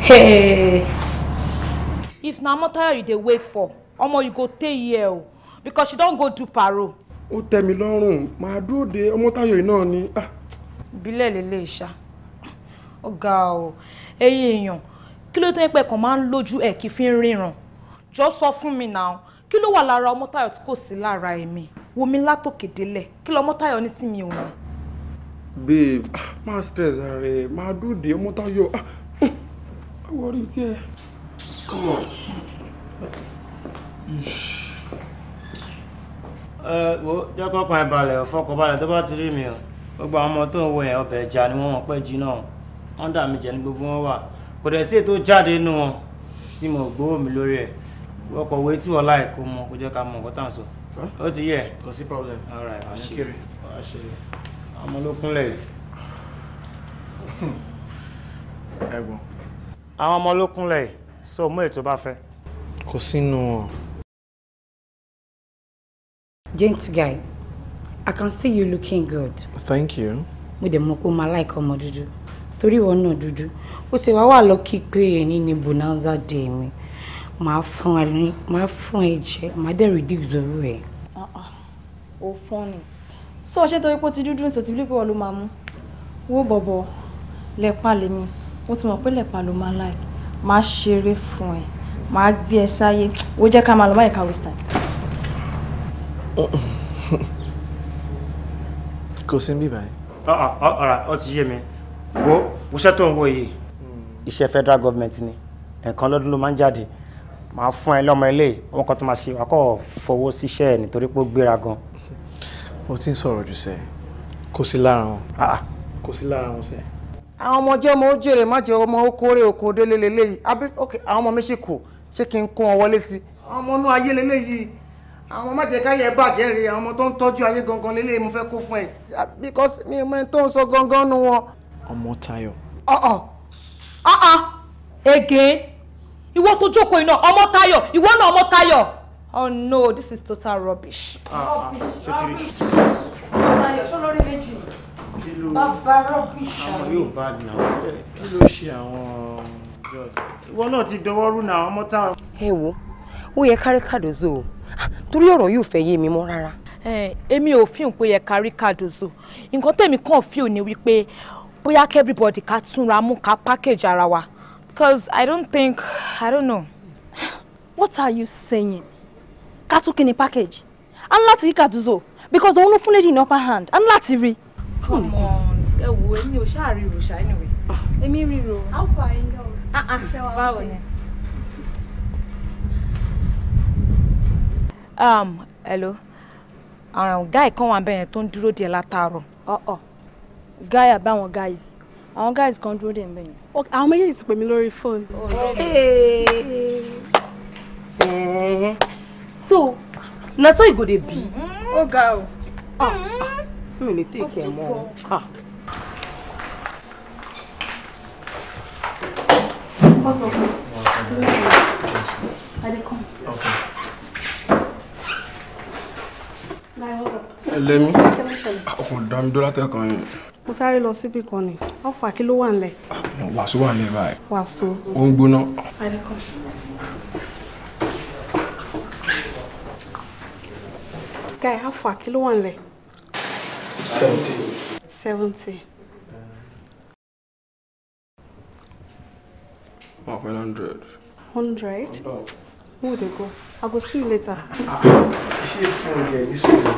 Hey, if na you dey wait for omo you go tey here o because she don't go do paro. O tẹ́ mi lọ́rùn màá dúró de ọmọtayọ yìí náà ni. Ah. ìbílẹ̀ lélẹ̀ ìṣá ó ga o ẹ̀yin èèyàn kí ló tó ń pẹ́ kàn máa ń lójú ẹ̀ kí fi ń ríran jọ sọ fún mi náà kí ló wà lára ọmọtayọ tí kò sí lára èmi wo mi látòkè délẹ̀ kí lọmọtayọ mi ò ní babe ah, má stress rẹ má dóde ọmọ Táyọ̀ àwọn ah, hmm, orí tiẹ̀. ẹ wo jọ́kọ́ kan ẹ̀ balẹ̀ fọkàn balẹ̀ tó bá ti rí mi o gbogbo àwọn ọmọ tó ń wo yẹn ọbẹ̀ ẹja ni wọ́n wọ́n pẹ́ jí náà wọ́n dà mí jẹ́ ní gbogbo wọn wà kò dẹ̀ sí ètò jáde nínú wọn tí mo gbowó mi lórí ẹ̀ ọkọ̀ òwe tí wọ́n láì kó mọ kó jẹ́ ká mọ nǹkan tá à ń sọ ti yẹ. kò sí problem. all right wàá ṣe wàá ṣe àmọ́ ló kúnlẹ̀ ẹ̀gbọ́n. àwọn ọmọ ló kúnlẹ̀ so mú ètò bá fẹ́. kò sínú wọn. gentle guy i can see you looking good. thank you. mo dẹ̀ mọ̀ pé mo máa láìka ọmọ dúdú torí ìwọ náà dúdú ó ṣe wá wà lọ́kì pé èyí ni bonanza day mi màá fún ẹ jẹ màá dẹ̀ reduce owó ẹ. Ah, ah. ó fọ́nì so ọṣẹ torí pé ó ti dúdú nsọ ti bí pé wọn ló máa mú wo bọ̀bọ̀ lẹ́pa lèmi mo ti mọ̀ pé lẹ́pa ló máa láì máa ṣeré fún ẹ máa gbé ẹ sáyé wo jẹ́ ká máa lọ báyìí ká waste time. kò sí bí báyìí. ọ̀rà ah, ah, ah, ọ ti yé mi wo wọ́ṣẹ́ tó ń wọ yìí. iṣẹ́ federal government ni ẹ̀ẹ̀kan lọ́dún ló máa ń jáde máa fún ẹ lọ́mọ ilé wọn kan tó máa ṣe wákọ̀ fọwọ́ síṣẹ́ ẹ̀ nítorí pé ó gbéra gan o ti ń sọ̀rọ̀ jù sẹ́ kò sí lára wọn ah, kò sí lára wọn sẹ́. àwọn ọmọ jẹ́ ọmọ ó má jẹ́ ọmọ ó kórè délé lélẹ́yìí àbí ok àwọn ọmọ mi sì kù ṣé kí n kó wọn wọlé sí. àwọn ọmọ inú ayé lélẹ́yìí àwọn ọmọ májèkáyẹ bàjẹ́ rèé àwọn ọmọ tó ń tọ́jú ayé gangan lélẹ́yìí mo fẹ́ kó fún ẹ. because mi ò mọ ẹni tó ń sọ gangan nu wọn. ọmọ Táyọ̀. ọ̀ọ̀ ọ̀ọ̀ ègé ìwọ tó jókòó iná ọmọ Táyọ̀ ìwọ náà ọmọ Táyọ̀. Oh no, this is total rubbish. Ah, rubbish, ah, rubbish. Ọláyọ̀ ṣọlọ́rí méjì. Bàbá rubbish. Àwọn yóò bá nà ó. Kí ló ṣe àwọn George? Ìwọ náà ọmọ táwọn. Ẹ wo, ó yẹ kárí kàdózò o, ah, torí ọ̀rọ̀ yóò fẹ́ yé mi mọ́ rárá. Èmi ò fi hàn pé yẹ kárí kàdózò. Nǹkan tèmi kàn fi ò ní wípé bóyá kí everybody ká túnra mú ká package ara wa. Because I don't think, I don't know. What are you saying? kátó kí package a ní láti rí because òun ló fún lady in upper hand a ní láti come on ẹ wo èmi ò ṣáà ríro ṣá anyway. Ah. èmi ríro. how far are you ah, ah, báwo ni. um hello àwọn guy kan wà bẹ́ẹ̀ tó ń dúró díẹ̀ látàárọ̀. ọ̀ọ̀ oh, oh. guy àbáwọn guys àwọn guys kan dúró dè mí. àwọn méjèèjì ti pè mí lórí fóònù so na so e go dey be. ó ga o. Ah, ah, mi ò lè tẹ̀ ìkẹ́ mọ́ o. What's up? I dey come. Okay. Lai, what's up? Lẹ́mí. Ọkùnrin dá mi dọ́là tẹ́kan yẹn. Mo sáré lọ síbì kan ni. Ọ̀fà kí ló wà nílẹ̀? Wàsó wà nílẹ̀ báyìí. Wàsó. Ó ń gbóná. I dey come. guy afọ àkìló wà nílẹ̀. seventy. seventy. wà pẹ̀lú hundred. hundred. mo they go i go see you later. Ah, ah, ah. ṣé fún ẹ ní sùúrù.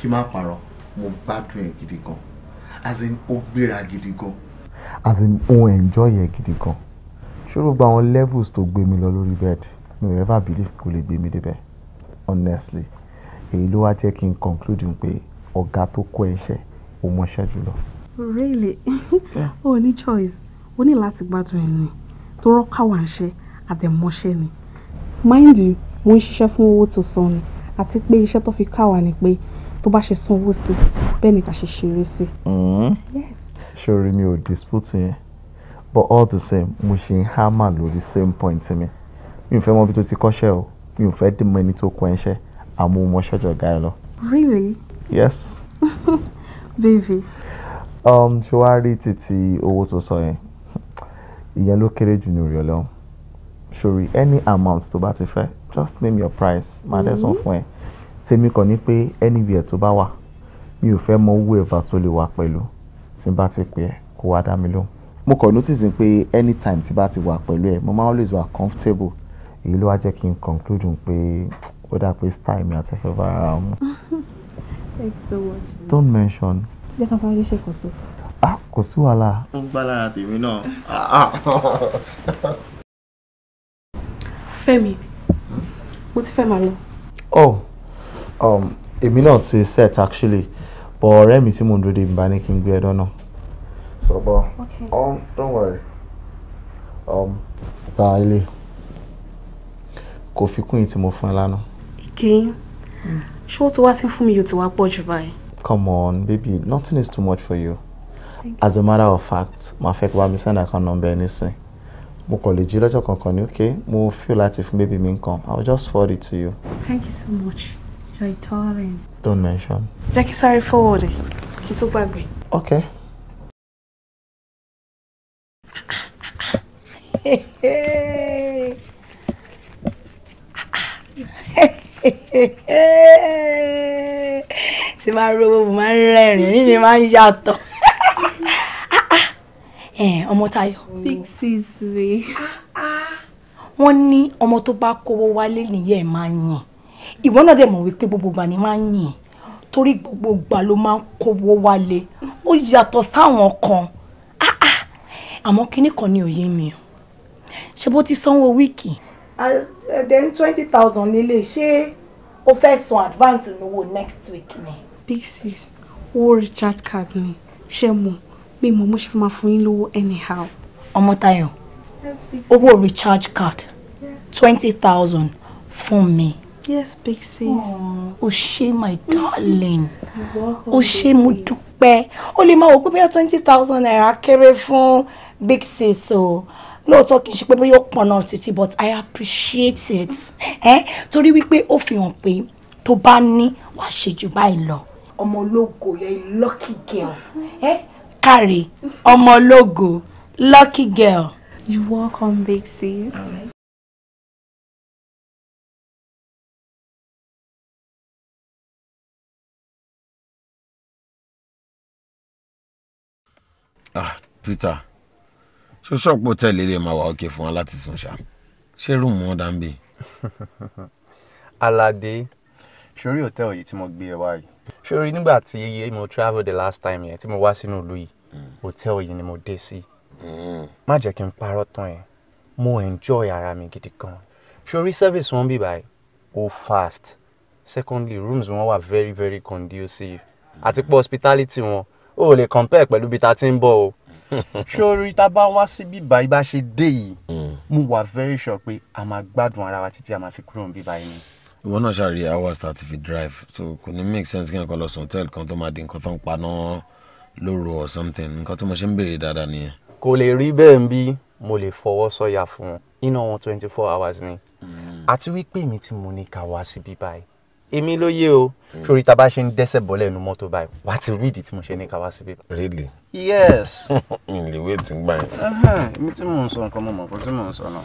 kí má parọ́ mo gbádùn ẹ̀ gidi gan as in ó gbéra gidi gan as in ó enjoy ẹ̀ gidi gan ṣòro gba àwọn levels tó gbé mi lọ lórí bed mi ò ever believe kò lè gbé mi débẹ̀ honestly èyí ló wá jẹ́ kí n conclude pé ọ̀gá tó kọ́ ẹ̀ṣẹ̀ ó mọṣẹ́ jùlọ. really yeah. o oh, ní choice o ní láti gbádùn ẹ̀ ni tó rọ́ọ̀ká wà ń ṣe àtẹ̀mọ́ṣẹ́ ni. mind you mo ń ṣiṣẹ́ fún owó tó san ni àti pé iṣẹ́ tó fi ká wa ni pé tó bá ṣe sanwó sí bẹ́ẹ̀ ni ká ṣe ṣeré sí. Mm-hmm. ṣòro mi ò dispute yẹn but all the same mo ṣe ń hámà lórí same point mi mi ò fẹ́ mọ ibi tó ti kọ́ṣẹ́ o mi ò fẹ́ dì mọ́ ẹni tó kọ́ ẹṣẹ́ àmọ́ mo ṣọ́jọ́ ga ẹ lọ. really. yes. baby. Um, ṣé wàá rí títí owó tó sọ yẹn ìyẹn ló kéré jù ní orí ọlọ́run any amount tó bá ti fẹ́ just name your price máa dẹ́sán mm-hmm. fún ẹ tèmi kàn ní pé anywhere tó bá wà, mi ò fẹ́ mọ whoever tó lè wà pẹ̀lú. Tí n bá ti pè ẹ́, kó wá dá mi lóhùn. Mo kàn notice pé anytime tí bá ti wà pẹ̀lú ẹ̀, mo máa always wà comfortable. Èyí ló wá jẹ́ kí n conclude pé ó dà pé style mi àti ẹ fẹ́ bá mu. Thanks so much. Don't mention. Jẹ́ ká sáré ṣe kò sí. Ah, kò sí wàhálà. Ó ń gbá lára tèmi náà. Fẹ́mi, mo ti fẹ́ máa lọ. Oh um èmi náà ti set actually but ọ̀rẹ́ mi tí mò ń dúró de mi bá ní kí n gbé ẹdán náà. so but okay. Um, don't worry um, gba ilé kò fi kún yìí tí mo fún ẹ lánàá. ìkẹyìn hmm. ṣé ó ti wá sí fún mi yóò ti wá pọ̀ jù báyìí. come on baby nothing is too much for you as a matter of fact màá fẹ́ kí wàá mi send account number ẹ nísìn mo kàn lè jí lọ́jọ́ kankan ni ok mo feel láti fún bébí mi nǹkan i will just forward it to you. thank you so much. You're tiring. Don't mention. Jackie, sorry for forward ẹ̀ e, kí tó gbàgbé. Okay. tí máa ń rówó mo máa ni rẹ́rìn-ín ní mi máa ń yàtọ̀ Ah ah. big sis we. wọ́n ní ọmọ tó bá kówó wálé nìyẹn máa ìwọ náà dẹ̀ mọ̀ wípé gbogbo gbà ni máa ń yìn torí gbogbo gbà ló máa ń kówó wálé ó yàtọ̀ sáwọn kan àmọ́ kinní kan ni òye mi ṣe bó ti sanwó wíìkì. then twenty thousand lélẹ̀ ṣé o fẹ́ san advance lówó next week ni. big sis owó recharge card ni ṣe mọ̀ mi mọ̀ mo ṣe fi máa fún yín lówó anyhow. ọmọ Táyọ̀ owó recharge card twenty thousand fún mi. Yes, big sis. O ṣé my darling. O ṣé mo dúpẹ́. O lè máa wò pé bóyá twenty thousand naira kéré fún big sis o. Lóòótọ́ kì í ṣe pé bóyá ó pọnà títí but I appreciate it. Eh? Torí wípé ó fi hàn pé tó bá ní wàá ṣe jù báyìí lọ. Ọmọ ológo yẹ lucky girl. Eh? Káre ọmọ lucky girl. You welcome big sis. ah Peter ṣé ṣọ́ọ̀pù hòtẹ́ẹ̀lì lè máa wà òkè fún wa láti sùn ṣá ṣé rúùmù wọn dà ń bì. Aládé sórí hòtẹ́ẹ̀lì yìí tí mo gbé ẹ e wá yìí sórí nígbà tí mo travel the last time yẹn tí mo wá sínú ìlú yìí mm. hòtẹ́ẹ̀lì yìí ni mo dé sí mm. má jẹ́ kí n parọ́ tán yẹn mo enjoy ara mi gidi gan sórí service wọn bí báyìí ó fast secondly rooms wọn wà very very conducive mm. àti pé hospitality wọn. Mm o ò lè compare pẹ̀lú ibi tá a ti ń bọ̀ o sórí tá a bá wá sí bíbá ibà ṣe dé yìí hmm. mo wà very sure pé a máa gbádùn ara wa títí a máa fi kúrò ní bíbá yìí. ìwọ náà ṣàrí hours tá a ti fi drive so kò ní make sense kí n kọ lọ sùn hotel kan tó máa di nǹkan tó ń paná lóru or something nǹkan tí mo ṣe ń béèrè dáadáa nìyẹn. kò lè rí bẹ́ẹ̀ ń bí mo lè fọwọ́ sọ̀yà fún un iná wọn twenty four hours ni hmm. àti wípé mi ti mú ní ká wá sí bíbá yìí èmi ló yé o hmm. sórí tá a bá ṣe ń dẹ́sẹ̀ bọ́lẹ̀ inú mọ́tò báyìí wà ti rí ìdí tí mo ṣe ní káwá really. yes. mi lè wé tí ń gbà yẹn. mi tí mò ń sọ nǹkan mo mọ̀ nǹkan tí mò ń sọ náà.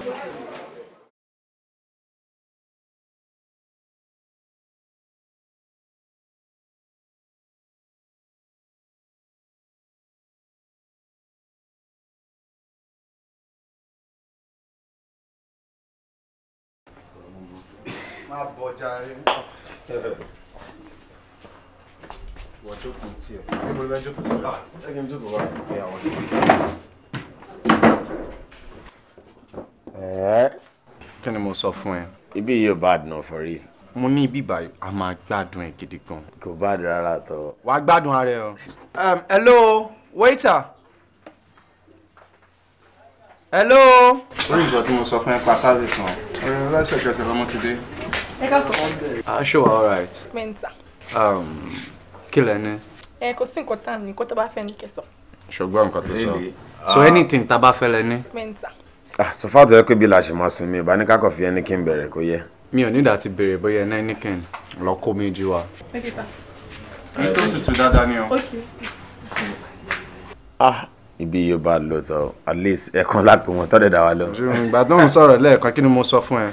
má bọ̀ jàre wọ́n jókòó tiẹ̀ ẹ bọ́lá bá jókòó tiẹ̀ ah, ẹ kí n jókòó wá ẹ àwọn jókòó. kí ni mo sọ fún ẹ. ibi yìí ò bá dùn for real. mo ní ibi ìbàyò a máa gbádùn ẹ gidi gan. kò bá dùn rárá tọ. wàá gbádùn ara ẹ o. hello waiter. hello. orí ìgbà tí mo sọ fún ẹ pa sáfìsì wọn. ọ̀rẹ́ lọ́sẹ̀ kẹsẹ̀ lọ́mọ ti dé ẹ ká sọ. aṣọ alright. mẹ́ńtà. Um, lẹ ní. Eh, kò sí nǹkan tán ní kó tó bá fẹ́ ní kẹsàn. ṣùgbọ́n nǹkan tó so ah. anything tá a bá fẹ́ lẹ ní. mẹ́ńtà. sọ fún àtọ́jọ́ pé bí la ṣe máa sun mi ìbá ní kákọ̀ fi ẹni kí n bẹ̀rẹ̀ kó yẹ. mi ò nídàá ti béèrè bóyá ẹni ẹni kẹ́hìn lọ kó mi jí wa. ẹ tó tutù dáadáa ni ah ibi yóò bá lọ tọ at least ẹ̀kan lápò wọn tọ́ dẹ̀dá wa lọ. ìgbà tó ń sọ̀rọ̀ lẹ́ẹ̀kan kí ni mo sọ fún ẹ.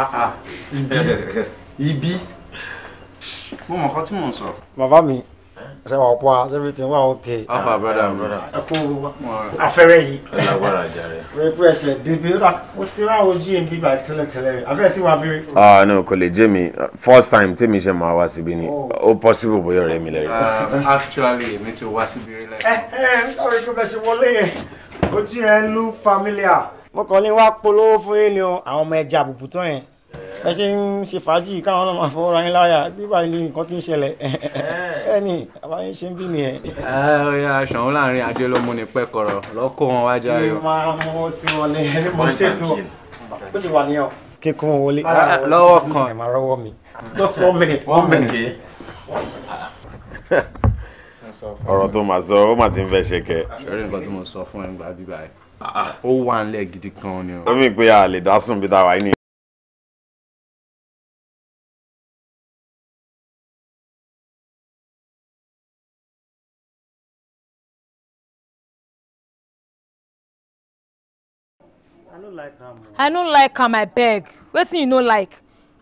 Ah, ah, ibi ibi mo mọ̀ kọ́ tí mò ń sọ. bàbá mi sẹ wà pọ a sẹbi tí wà òkè. afa brada brada. ẹkú afẹrẹ yìí. ẹlẹ wàrà jàre. wípé ẹsẹ débi o ti rà o jí ebi bá tẹ́lẹ̀tẹ́lẹ̀ rẹ abẹ́rẹ́ tí wàá bèrè. ah no kò lè first time tèmi ṣe máa wá síbi ni oh. ó possible bóyá ọ̀rẹ́ mi lẹ́rìí. Uh, actually èmi ti wá síbi rí lẹ́yìn. Eh, eh, ẹ ẹ mi sọ̀rọ̀ ìpínlẹ̀ wọlé yẹn ojú yẹn lú familiar. mo kàn ní wàá polówó fún yín ni o àwọn ọmọ ẹja àbùkù tán yẹn ẹ ṣe ń ṣe fàájì káwọn náà máa fọwọ́ra yín láyà bíbá ilé nǹkan ti ń ṣẹlẹ̀ ẹni àbáyé ṣe ń bí nìyẹn. ẹ ẹ ya ṣàwọn láàrin ajé ló mú ni pẹkọrọ lọkọ wọn wá já yọ. máa mú sí wọn ẹni mo ṣètò bó ṣe wà ní ọ. kíkún wọlé ah, lọ́wọ́ kan ẹ máa rọ́wọ́ mi. just one minute one minute. ọ̀rọ̀ tó máa sọ ó máa ti ń fẹ́ ṣe kẹ́. ṣọ́rí nǹkan tí mo sọ fún ẹ ń gbà bíbá ẹ̀ ah. ó wà ń lẹ̀ gidi kan ni i no like am o. i no like am abeg wetin you no like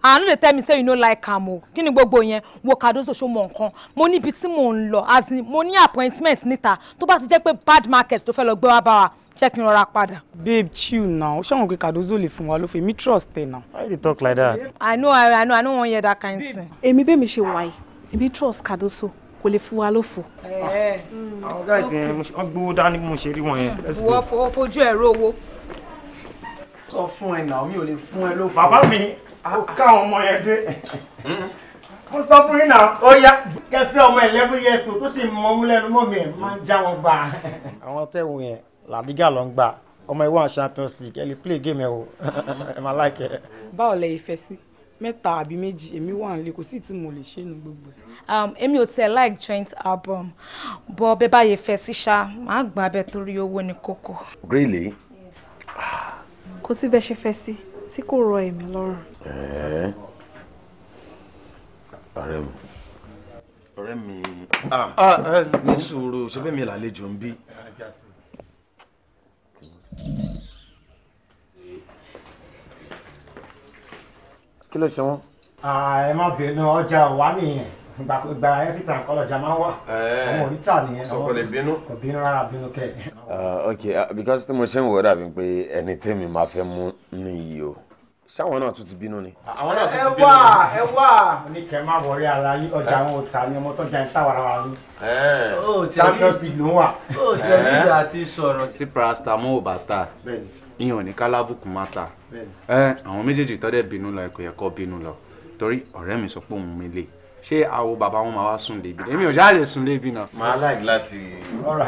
i ah, no dey tell me say you no like am o kí ni gbogbo yẹn wo Cardozo ṣo mọ nǹkan mo ní ibi tí mò ń lọ as in mo ní appointment níta tó bá ti jẹ́ pé bad market tó fẹ́ lọ gbé wá bá wa jẹ́ kí n rọra padà. babe chill now ṣáwọn pé Cardozo lè fún wa ló fi mi trust ẹ now. why you talk like that. i know i know i no wan hear that kind thing. èmi bẹ́ẹ̀ mi ṣe wáyé èmi trust Cardozo kò lè fún wa lófo. Eh, eh. àwọn guys yẹn wọ́n gbowó dání bí mo ṣe rí wọn yẹn. wọ́n fojú ẹ̀rọ owó sọ fún ẹ náà mi ò lè fún ẹ ló fún ẹ. bàbá mi ó káwọn ọmọ yẹn dé mo sọ fún yín náà ó yá kẹfẹ ọmọ eleven years old tó sì mọ ọmú lẹ́nu mọ́ mi ẹ máa ń já wọn gbà. àwọn tẹ̀wọ̀n yẹn làdígà ló ń gbà ọmọ ẹ wà champions league ẹ lè play game ẹ o ẹ máa láìkẹ. báwo lẹ ìfẹ́ sí mẹ́ta àbí méjì èmi wà nílé kò sí tí mo lè ṣe nu gbogbo um, èmi ò tẹ̀ like joint album bọ́ bẹ́ẹ̀ bá yẹ fẹ́ sí ṣá máa gbà bẹ́ẹ̀ torí owó ni kókó. really? Yeah kò sí bẹ́ẹ̀ ṣe fẹ́ sí tí kò rọ èmi lọ́rùn. ẹ̀ẹ́ ọ̀rẹ́ mi ọ̀rẹ́ mi ah, ah, ah, eh, ní sùúrù ṣẹ́fẹ́ mi làlejò ń bí. kí ló ṣe wọ́n. ẹ má bínú ọjà wà nìyẹn ìgbà ẹ́fíta kọ́lọ̀ jama wà eh. ọmọ oríta nìyẹn ọmọ kò bínú kò bínú rárá bínú kẹ. Ah, ok uh, because tí mo ṣe ń wò ó dàbí pé ẹni tí mi máa fẹ́ mú mi yìí o sáwọn náà tún ti bínú ni. àwọn náà tún ti bínú ni. Ah, eh, eh, ẹ wá ẹ wá. ní kẹ má wọrí ara yín ọjà àwọn òòtà ni ọmọ tó jà ń tà wàrà wàrú. champions league ló wà. ó oh, ti ẹni bí a ti oh, sọ̀rọ̀. tí paracetamol ò bá ta ìyàn ní kálábùkù má ta àwọn méjèèjì tọ́dẹ̀ bínú lọ ẹ̀kọ́ yẹ kọ́ bínú lọ torí ọ̀rẹ́ mi sọ pé òun mi lè ṣé àwo bàbá wọn máa wá sùn lébi èmi ò ṣáà lè sùn lébi náà. máa láì láti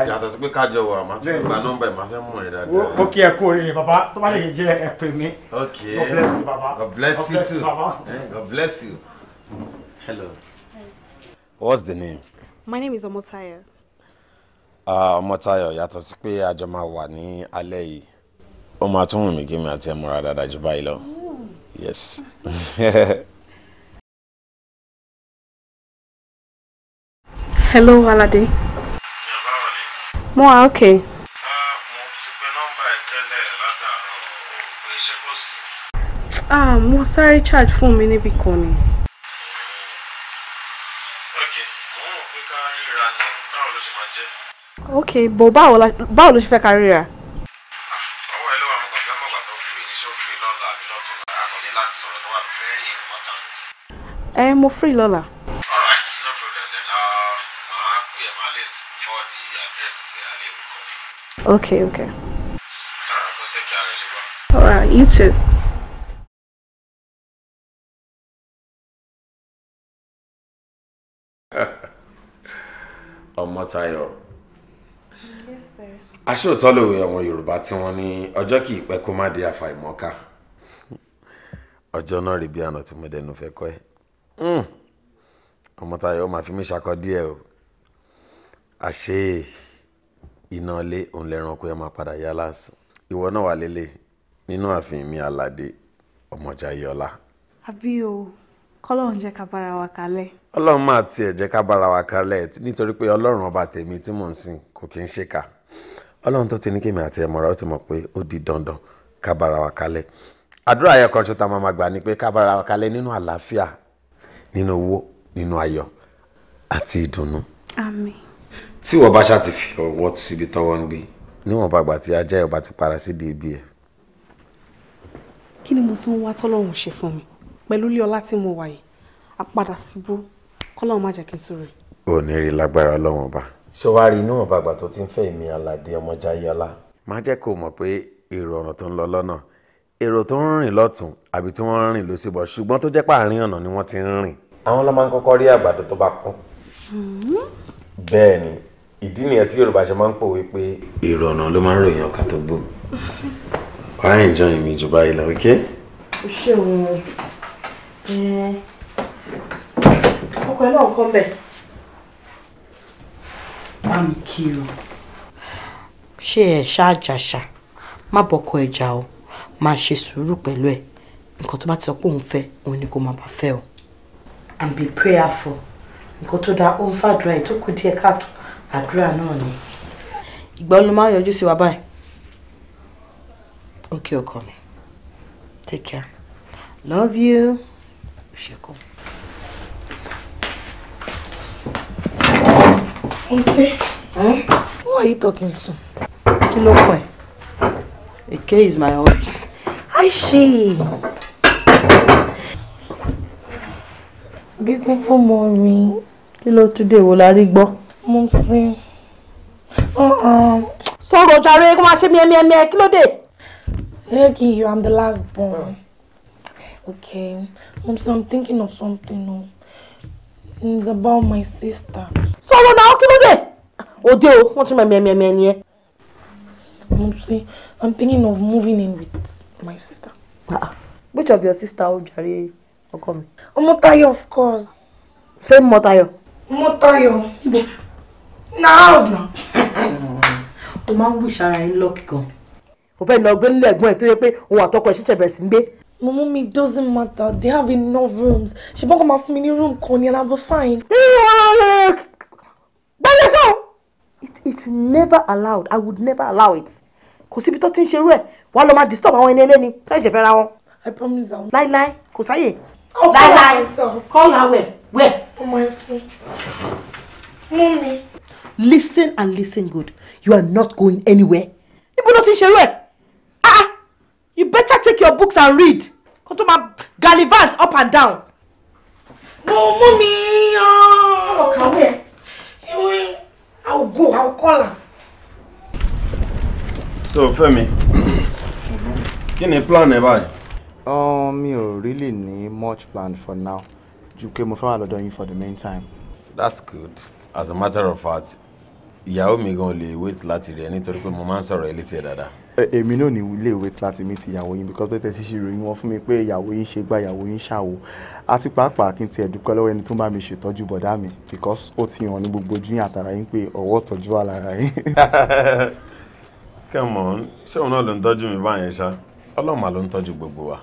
yàtọ̀ sí pé kájọ wà máa tún gba nọ́mbà ẹ̀ máa fẹ́ mọ̀ ẹ̀ dáadáa. ó kí ẹ kú oríire bàbá tó bá lè jẹ ẹ pè ok God bless you bàbá. God bless you too eh, God bless you. hello. what's the name. my name is Omotayo. Ọmọtayọ̀ ah, yàtọ̀ sí pé àjọ máa wà ní alẹ́ yìí ó máa tún wù mí kí mi àti ẹ̀ múra dáadáa jù báyìí lọ yes. Hello, Alade. Mo ok. Ah, Mo ti pe nọ́mbà ẹ tẹ́lẹ̀ látàárọ̀ òògùn iṣẹ́ kò sí. Mo sáré charge fún mi níbi kan ni. ok bò báwo la báwo ló ṣe fẹ́ kárí rà. Ah, ọwọ́ ẹlẹ́wà mo kàn fẹ́ mọ̀ bàtà free ní ṣó free lọ́la àbí lọ́tún àkànní láti sọ̀rọ̀ tó wà fẹ́ rí ìmọ̀tàn. ẹ mo free lọ́la. Okay, okay. Alright, you too. ọmọ Táyọ̀ aṣóòtọ́ lòwe àwọn Yorùbá tí wọ́n ní ọjọ́ kì í pẹ́ kó má di àfàìmọ́ká ọjọ́ náà rí bí àná tí mo dẹnu fẹ́ kọ́ ẹ hmm. ọmọ Táyọ̀ máa fi mí ṣakọ díẹ̀ o àṣé iná ilé òun lẹ́ranko ẹ̀ máa padà yá lásán ìwọ náà wà lélẹ̀ nínú ààfin mi aládé ọmọ Jayọ̀lá. àbí o kọ́lọ́run jẹ́ ká bára wa kalẹ̀. ọlọ́run máa tiẹ̀ jẹ́ ká bára wa kalẹ̀ nítorí pé ọlọ́run ọba tèmi tí mò ń sìn kò kí ń ṣèkà ọlọ́run tó ti ní kémi àti ẹ̀mọ́ra ó ti mọ̀ pé ó di dandan ká bára wa kalẹ̀ àdúrà ayọ̀ kan ṣọta máa gbà ni pé ká bára wa kalẹ̀ nínú àlàáfíà nínú owó nínú ayọ̀ àti ìdùnnú. àmín tí wọ́n bá ṣáà ti fi ọwọ́ síbi tọ́wọ́ ń gbé níwọ̀n bàgbà tí ajá ẹ̀ bá ti para sídìí ibi ẹ̀. kí ni mo tún wá tọ́lọ́run ṣe fún mi pẹ̀lú ilé ọlá tí mo wà yìí àpadà síbú kọ́lọ́run má jẹ́ kí n sùn rẹ̀. ò ní rí lágbára ọlọ́run ọba. ṣọwárí níwọ̀n bàgbà tó ti ń fẹ́ mi aládé ọmọ jayọlá. má jẹ́ kó mọ̀ pé èrò ọ̀ràn tó ń lọ lọ́nà èrò tó ń rìn lọ́tún àbí tí wọ́n ń rìn lósìbọ̀ ṣùgbọ́n tó jẹ́ páàrin ọ̀nà ni wọ́n ti ń rìn. àwọn ló máa ń kọ́kọ́ rí àgbàdo tó bá kún. Hmm. bẹ́ẹ̀ ni ìdí nìyẹn tí yorùbá ṣe máa ń pòwe pé. èrò ló máa ń ròyìn ọkà tó gbó wàá enjoy mi jù báyìí lọ ok. o ṣe òun ọkọ ẹ náà kọ́ mbẹ́ bá mi kí o. ṣé ẹ ṣáàjàṣà má bọkọ ẹja o máa ṣe sùúrù pẹ̀lú ẹ nǹkan tó bá ti sọ pé òun fẹ́ òun ni kò má bàa fẹ́ o. and be prayerful nǹkan tó dáa ó ń fàdúrà ẹ̀ tó kù díẹ̀ káàtó àdúrà náà ni. ìgbà ló máa ń yọjú sí wa báyìí. okay ọkọ mi take care love you ṣẹ́kọ̀. Omse, who are you talking to? Kí ló pọ̀ ẹ́? Eke is my husband. Aishi! Beautiful mommy. Kí ló tún dé wo la rí gbọ́? mo sì uh-uh. sọ̀rọ̀ jàre kó máa ṣe miẹ́miẹ́miẹ́ kí ló dé. Eggy, you I'm the last born. Okay, Mom, so I'm thinking of something. No. It's about my sister. Sọ̀rọ̀ náà kí ló dé? Òde o, wọ́n ti mọ miẹ́miẹ́miẹ́ ni ẹ. Mom, see, I'm thinking of moving in with my sister. uh Which of your sister ó jàre ọkọ mi? Ọmọ Táyọ̀, of course. Same Mọ́táyọ̀. Mọ́táyọ̀ na house na. o máa ń wíṣ ara yín lọ́ọ̀kì gan. mo fẹ́ lọ gbé nílẹ̀ ẹ̀gbọ́n ẹ̀ tó yẹ pé òun àtọkọ ìṣẹ̀ṣẹ̀ bẹ̀rẹ̀ sí ń gbé. mo mi doesn't matter they have enough rooms ṣùgbọ́n kò máa fún mi ní room kan ni and i'm fine. bẹ́ẹ̀ sọ. it is never allowed i would never allow it kò síbi tó ti ń ṣerú ẹ̀ wọ́n lọ máa disturb àwọn ẹni ẹlẹ́ni láì jẹ̀bẹ̀ ra wọn. i promise am. láíláí kò sáyè. láíláí call her wẹ̀ wẹ̀. ọmọ ẹ fún mú mi listen and listen good you are not going anywhere níbo ló ti ṣe rẹ ah, ah you better take your books and read kó tó máa gallivant up and down. mo mú mi yan. ọkàwé ẹ i will go i will call am. so Femi, kí ni plan ẹ báyìí. Um, mi ò really ní much plan for now ju pé mo fẹ́ wà lọ́dọ̀ yín for the meantime. that's good as a matter of fact ìyàwó mi gan lè wait láti rí ẹ nítorí pé mo máa ń sọ̀rọ̀ ẹ létí ẹ dáadáa. èmi náà ní lè wait láti meet ìyàwó yín because pé tẹ̀sí ìròyìn wọn fún mi pé ìyàwó yín ṣe gba ìyàwó yín ṣàwò àti pàápàá kí n tiẹ̀ dúpẹ́ lọ́wọ́ ẹni tó bá mi ṣètọ́jú bọ̀dá mi because ó ti hàn ní gbogbo ojú yín àtàrà yín pé ọwọ́ tọ́jú wà lára yín. come on ṣé òun náà ló ń tọ́jú mi báyẹn ṣá ọlọ́run mà ló ń tọ́jú gbogbo wa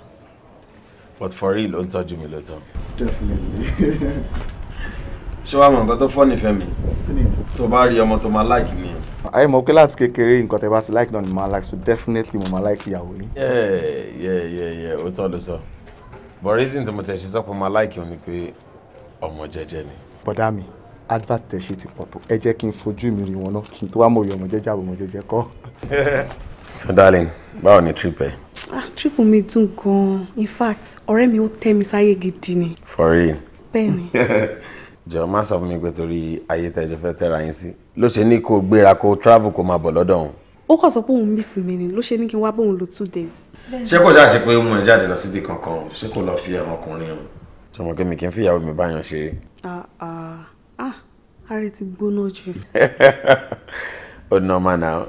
but for real ló ń tọ́jú mi lóòótọ́. definitely. ṣé wàá mọ nǹkan tó fọ́ nífẹ̀ẹ́ mi tó bá rí ọmọ tó máa like mi. ayé mọ̀ pé láti kékeré nǹkan tẹ́ bá ti like náà ni máa like so definitely mo máa like ìyàwó yín. yẹ́ẹ̀yẹ́ẹ̀yẹ́ ó tọ́ ló sọ but reason tí mo tẹ̀ ṣe sọ máa like òun ni pé ọmọ jẹ́jẹ́ ni. bọ̀dá mi advert tẹ̀ ṣe ti pọ̀ tó ẹ jẹ́ kí n fojú mi rí wọn náà kí n tó wá mọ̀ ọmọ jẹ́jẹ́ àbọ̀ jẹ́jẹ́ kọ́. so darling báwo ni trip ẹ. ah trip mi dùn gan in fact ọ̀rẹ́ mi ó tẹ́ mi sáyé gidi ni. for real. bẹ́ẹ̀ jọ̀ọ́ má sọ fún mi pé torí ayé tẹjọ fẹ́ tẹra yín sí ló ṣe ní kó gbéra kó travel kó máa bọ̀ lọ́dọ̀ òun. ó kàn sọ pé òun mísì mi ni ló ṣe ní kí n wá bóun lo two days. ṣé kò ṣáà ṣe pé mo jáde lọ síbi kankan ṣé kò lọ fi ẹran ọkùnrin o. sọmọ pé mi kì í fi ìyàwó mi báyọ̀ ṣe. ààrẹ ti gbóná jù. ó ná ọmọ náà.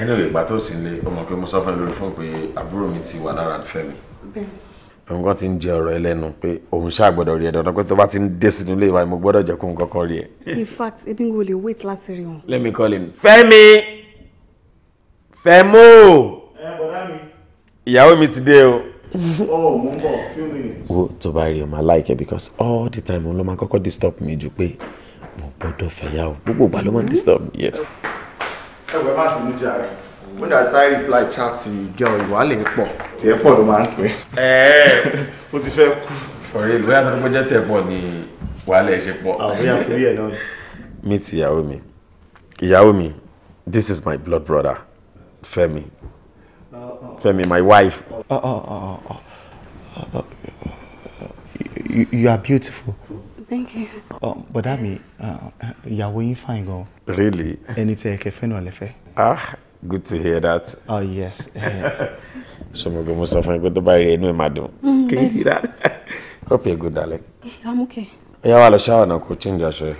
ẹni lè gbà tó sì lé ọmọ pé mo sọ fún lórí fún pé àbúrò mi ti wà lára fẹ́ mi òun ti ń jẹ ọ̀rọ̀ ẹlẹ́nu pé òun ṣáà gbọ́dọ̀ rí ẹ dandan tó bá ti ń dé sínú ilé ìwà mo gbọ́dọ̀ jẹ́ kóun kọ́kọ́ rí ẹ. in fact ebi n wo le wait láti rí wọn. let me call him. fẹ́mi fẹ́mú. ẹ bọ̀dá mi. ìyàwó mi ti dé o. oh mo few minutes. wo tó bá rí o máa like ẹ because all the time òun ló máa kọ́kọ́ disturb mi ju pé mo gbọ́dọ̀ fẹ́ yá o gbogbo ìgbà ló máa disturb me yes. ẹ wẹ́ẹ́ má bínú jàre when i say reply chat girl ìwálẹ̀ pọ̀ tiẹ̀ pọ̀ ló máa ń pè. ẹ̀ẹ́ o ti fẹ́ kú. ọ̀rẹ́ ìlú yàtọ̀ tó jẹ́ tiẹ̀ pọ̀ ni wàhálẹ̀ ṣe pọ̀. àbúyá ah, torí ẹ̀ náà. meet ìyàwó mi ìyàwó mi this is my blood brother Femi Femi my wife. Uh, uh, uh, uh, you, you are beautiful. Thank you. Um, but that me, ìyàwó yín fine gan. Really? Ẹni tí ẹ kẹfẹ́ náà lẹ fẹ́. Ah, good to hear that. oh yes. So my fún mi pé tó bá rí inú madam. Mm-hmm. can you see that? hope you're good darling. i'm okay. ẹ̀yà wà lọ ṣáwọ̀ náà kò change aṣọ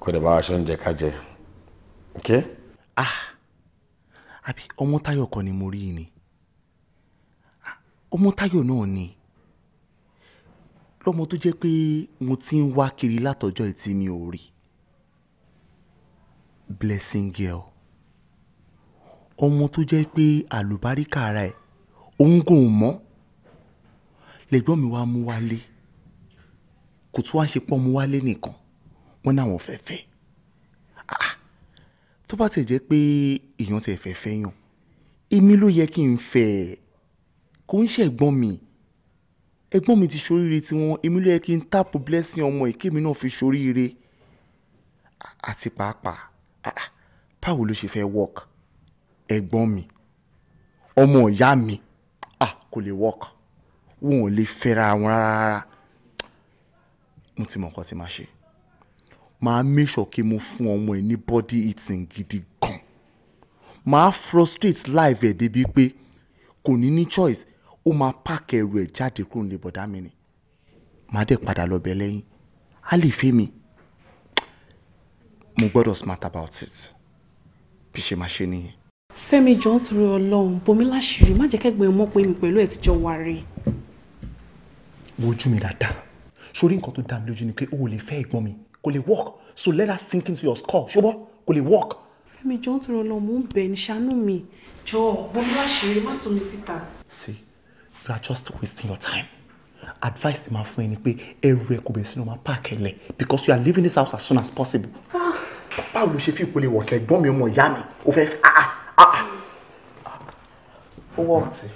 kò dẹ̀ bá aṣọ ń jẹ ká okay. ah Abi ọmọ táyọ̀ kan ni mo rí ni ah, ọmọ táyọ̀ náà ni lọ́mọ tó jẹ́ pé mo ti ń kiri látọjọ́ ẹ̀ mi ò blessing girl ọmọ tó jẹ́ pé àlùbáríkà ara ẹ̀ òun kò mọ́ lẹ́gbọ́n mi wá mú wálé kò tún wá ṣe pọ́ mú wálé nìkan wọ́n náà wọ́n fẹ́ fẹ́ ah, tó bá tẹ̀ jẹ́ pé èèyàn tẹ̀ fẹ́ fẹ́ yàn èmi ló yẹ kí n fẹ́ kò ń ṣe ẹ̀gbọ́n mi ẹ̀gbọ́n mi ti ṣoríire tiwọn èmi ló yẹ kí n tap blessing ọmọ ìkémi náà fi ṣoríire àti pàápàá ah, báwo ló ṣe fẹ́ work ẹ̀gbọ́n mi ọmọ ìyá mi ah kò lè work wọn ò lè fẹ́ra wọn rárá mo ti mọ nǹkan tí màá ṣe màá make sure kí mo fún ọmọ ẹ ní body eating gidi gan màá frustrate life ẹ̀ débi pé kò ní ní choice ó máa pààkì ẹrù ẹ̀ jáde kúrò ní bọ̀dá mi ni màá dẹ̀ padà lọ bẹ̀ lẹ́yìn á lè fẹ́ mi mo gbọ́dọ̀ smart about it bí ṣe máa ṣe nìyẹn. Femi jọ ń torí Ọlọ́run bomi láṣìírí má jẹ́ kẹ́gbẹ́ ọmọ pé mi pẹ̀lú ẹ̀ ti jọ wà rí. wojú mi dáadáa sórí nǹkan tó dá mi lójú ni pé o ò lè fẹ́ ẹ̀gbọ́n mi kò lè work so let her sink into your skull ṣùgbọ́n kò lè work. Fẹ́mi jọ ń torí Ọlọ́run mò ń bẹ̀ ní ṣàánú mi jọ bomi láṣìírí má tún mi síta. see you are just wasting your time advice ti ma fún ẹ ni pé ẹrù ẹ kò bẹ̀ sínú ọmọ páàkì ẹlẹ because you are leaving this house as soon as possible. Ah. báwo ló ṣe fi ìpele wọ̀sẹ̀ ẹ̀gbọ́n mi ọmọ ìyá mi o O ah, ah. ọ̀tí.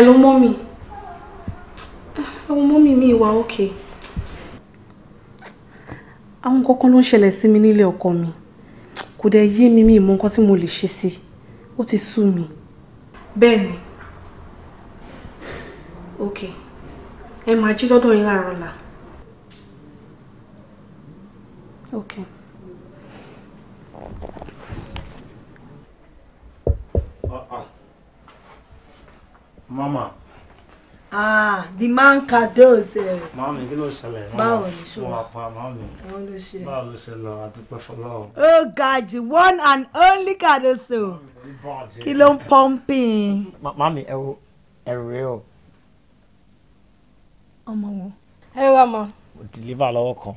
Hello, mommy. Oh, Àwọn mọ́mí me wà òkè. Àwọn kankan ló ń ṣẹlẹ̀ sí mi nílé ọkọ mi. Kò dẹ̀ yé mi mi ìmọ̀ nǹkan tí mo lè ṣe sí. Ó ti sú mi. Bẹ́ẹ̀ni. Òkè. Ẹ máa jí lọ́dọ̀ yín okay. Mama. Ah, the man kadoz. Eh. Mami, kí ló ṣẹlẹ̀? Báwo ni ṣe? wà mami. Báwo ló ṣe? Báwo ló ṣe lọ? Àdúpẹ́ fọlọ́run. Ó oh, ga one and only kadoso. Kí ló ń pọ́ǹpìn? Mami, ẹ̀rù ẹ̀rù rẹ o. Ọmọ wo? Ẹ̀rù ọmọ. Mo dìlíbà lọ́wọ́ kan.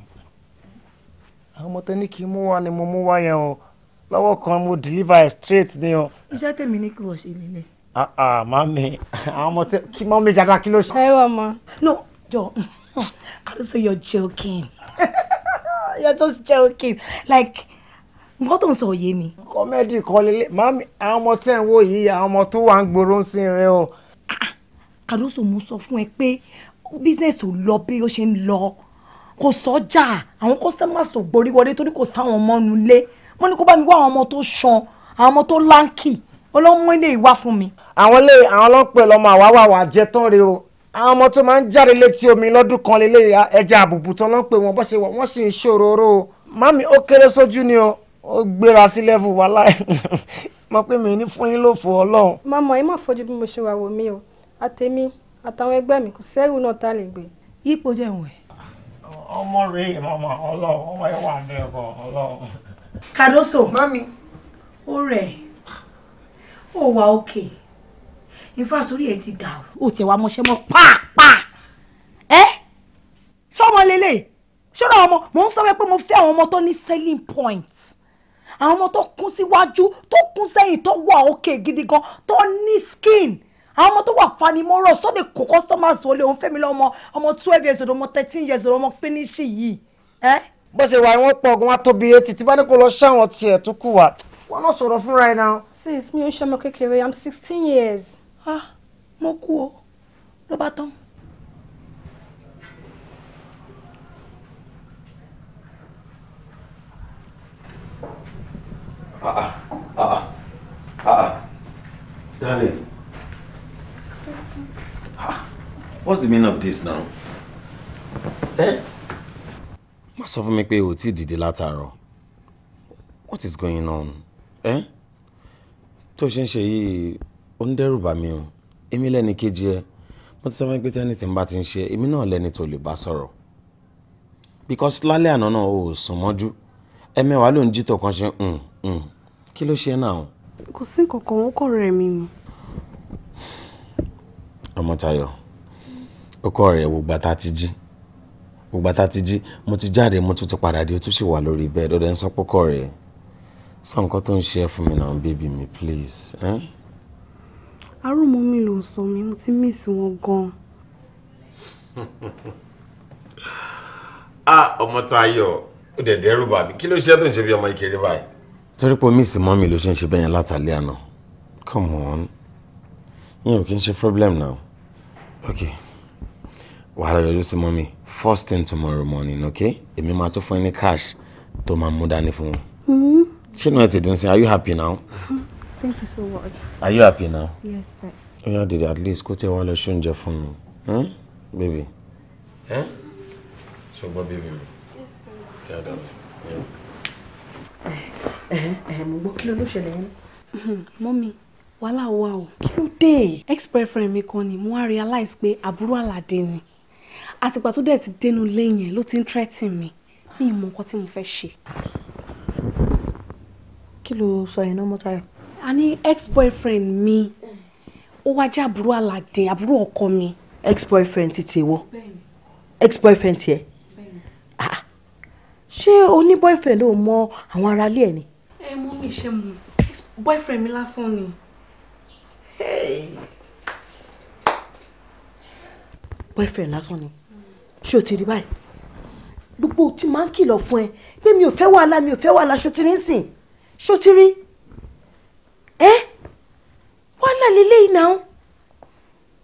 Àwọn ọmọ tẹ́ni kì í mú wa ni mo mú wá yẹn o. Lọ́wọ́ kan mo dìlíbà ẹ̀ straight ni o. Iṣẹ́ tèmi ní kí wọ́n ṣe lélẹ̀ ah ah mami I'm not. tẹ kí mọ́mí dada kí ló ṣe. ẹ wọ ọmọ. no jọ you're joking you're just joking like what don't ń sọ me? Come here, kan lélẹ̀ mami I'm not saying what wò I'm not too angry. Don't ń gbòòrò ń sin rẹ o. Ah, ah. Caruso mo sọ fún ẹ pé business ò lọ bí ó ṣe ń lọ kò sọ́jà àwọn customers ò gborí wọlé torí kò sáwọn ọmọ nulẹ̀ wọ́n ní kó bá mi wá àwọn ọmọ tó ṣan àwọn ọmọ tó láǹkì ó ló ń mú ilé ìwá fún mi. àwọn ilé àwọn ọlọ́pẹ́ lọ́mọ àwáwá wà jẹ́ tán rèé o àwọn ọmọ tó máa ń jáde létí omi lọ́dún kan lélẹ̀ ẹja àbùbù tán ló ń pè wọ́n bó ṣe wọ́n sì ń ṣòrooro o mami ó kéré sójú ni o ó gbéra sí lẹ́fù wá láì mọ pé mi ní fún yín ló fò ọlọ́run. màmá ẹ má fojú bí mo ṣe wà wò mí o àtẹ̀mí àtàwọn ẹgbẹ́ mi kò sẹ́rù náà tá a lè gbé. yípo jẹ́ ìwẹ̀. ọmọ rẹ màmá ọlọ́run ọmọ ẹ wà bẹ́ẹ̀ bọ̀ ọlọ́run. Cardoso mami ó rẹ̀ ó wà òkè ìfà torí ẹ ti dàrú. ó tiẹ̀ wá mọṣẹ́ mọ́ pàápàá ẹ́ sọ́mọ lélẹ̀ ṣọ́ra ọmọ mò ń sọ pé mo fẹ́ àwọn ọmọ tó ní selling point àwọn ọmọ tó kún síwájú tó kún sẹ́yìn tó wà òkè gidi gan tó ní skin àwọn ọmọ tó wà fanimọ́rọ̀s tó lè kó customers wọlé òun fẹ́mi lọ́mọ ọmọ twelve years old ọmọ thirteen years old ọmọ pínísì yìí. bó ṣe wà wọ́n pọ̀ gan wá tóbi etí tí bá ní kó lọ ṣáwọn tiẹ̀ tó kù wá wọn náà sọ̀rọ̀ fúnra ẹ̀ náà. sis mi ò ṣe ọmọ kékeré i'm sixteen years. ah mo kú o ló bá tán. ah ah ah ah, ah, ah. darling ah what's the meaning of this now. Eh? má sọ fún mi pé o ti dìde látàárọ̀ what is going on ẹ́ tó ṣe ń ṣe yìí ó ń dẹ́rù bà mí o èmi lẹ́ni kejì ẹ mo ti sọ fún ẹ pé tẹ́ni tí n bá ti ń ṣe èmi náà lẹ́ni tó lè bá sọ̀rọ̀ because lálẹ́ àná náà o ò sùn mọ́jú ẹ̀mẹ́wàá ló ń jí tó kan ṣe mm, mm. kí ló ṣe náà. kò sí kankan ó kọ̀ rẹ̀ mi ni. ọmọ Táyọ̀ ó kọ̀ rẹ̀ wò gbàtà ti jí gbàtà ti jí mo ti jáde mo tún ti padà dé o tún sì wà lórí bẹ́ẹ̀ dọ́dẹ́ ń sọ pé kọ̀ sọ nǹkan tó ń ṣe ẹ fún mi náà bébì mi please. Eh? arúmọ mi ló ń sọ mi mo ti miss wọn gan. ah ọmọ Táyọ̀ ó dẹ̀ dẹ́rù bà mí kí ló ṣe tó ń ṣe bí ọmọ ìkéré báyìí. torí pé miss mọ́ mi ló ṣe ń ṣe bẹ́yẹn látàlẹ́ àná come on yín ò kí ń ṣe problem now okay wàhálà yọjú sí mọ́ mi first thing tomorrow morning okay èmi máa tó fún ẹ ní cash tó máa mú dání fún wọn. Hmm? ṣé inú ẹ ti dùn are you happy now. thank you so much. are you happy now. yes sir. ó oh, did at least kó tiẹ̀ wá lọ ṣóúnjẹ phone, mi hmm? baby. ṣùgbọ́n baby mi. yes sir. yàrá mi. mo gbọ́ kí ló ló ṣẹlẹ̀ yẹn. Hmm, mọ́mi wàhálà wà ex boyfriend mi koni. ni mo wá realize pé àbúrò àlàdé ni àtìgbà tó dẹ̀ ti dénú lẹ́yìn ẹ̀ ló threaten mi mi ì mọ nǹkan mo fẹ́ ṣe kí ló sọ yẹn náà mọ́tayọ̀. a ní ex-boyfriend mi ó wá jẹ́ àbúrò aládé àbúrò ọkọ mi. ex-boyfriend ti tè wọ ex-boyfriend tiẹ̀ ah, ṣé o ní boyfriend ò mọ àwọn aráalé ẹ ni. ẹ mọ mi ṣe mu boyfriend mi lásán ni. boyfriend lásán ni ṣé o ti rí báyìí gbogbo tí máa ń kìlọ̀ fún ẹ pé mi ò fẹ́ wàhálà mi ò fẹ́ wàhálà ṣó ti ní sìn ṣòtírí ẹ wàhálà lélẹ́yìí náà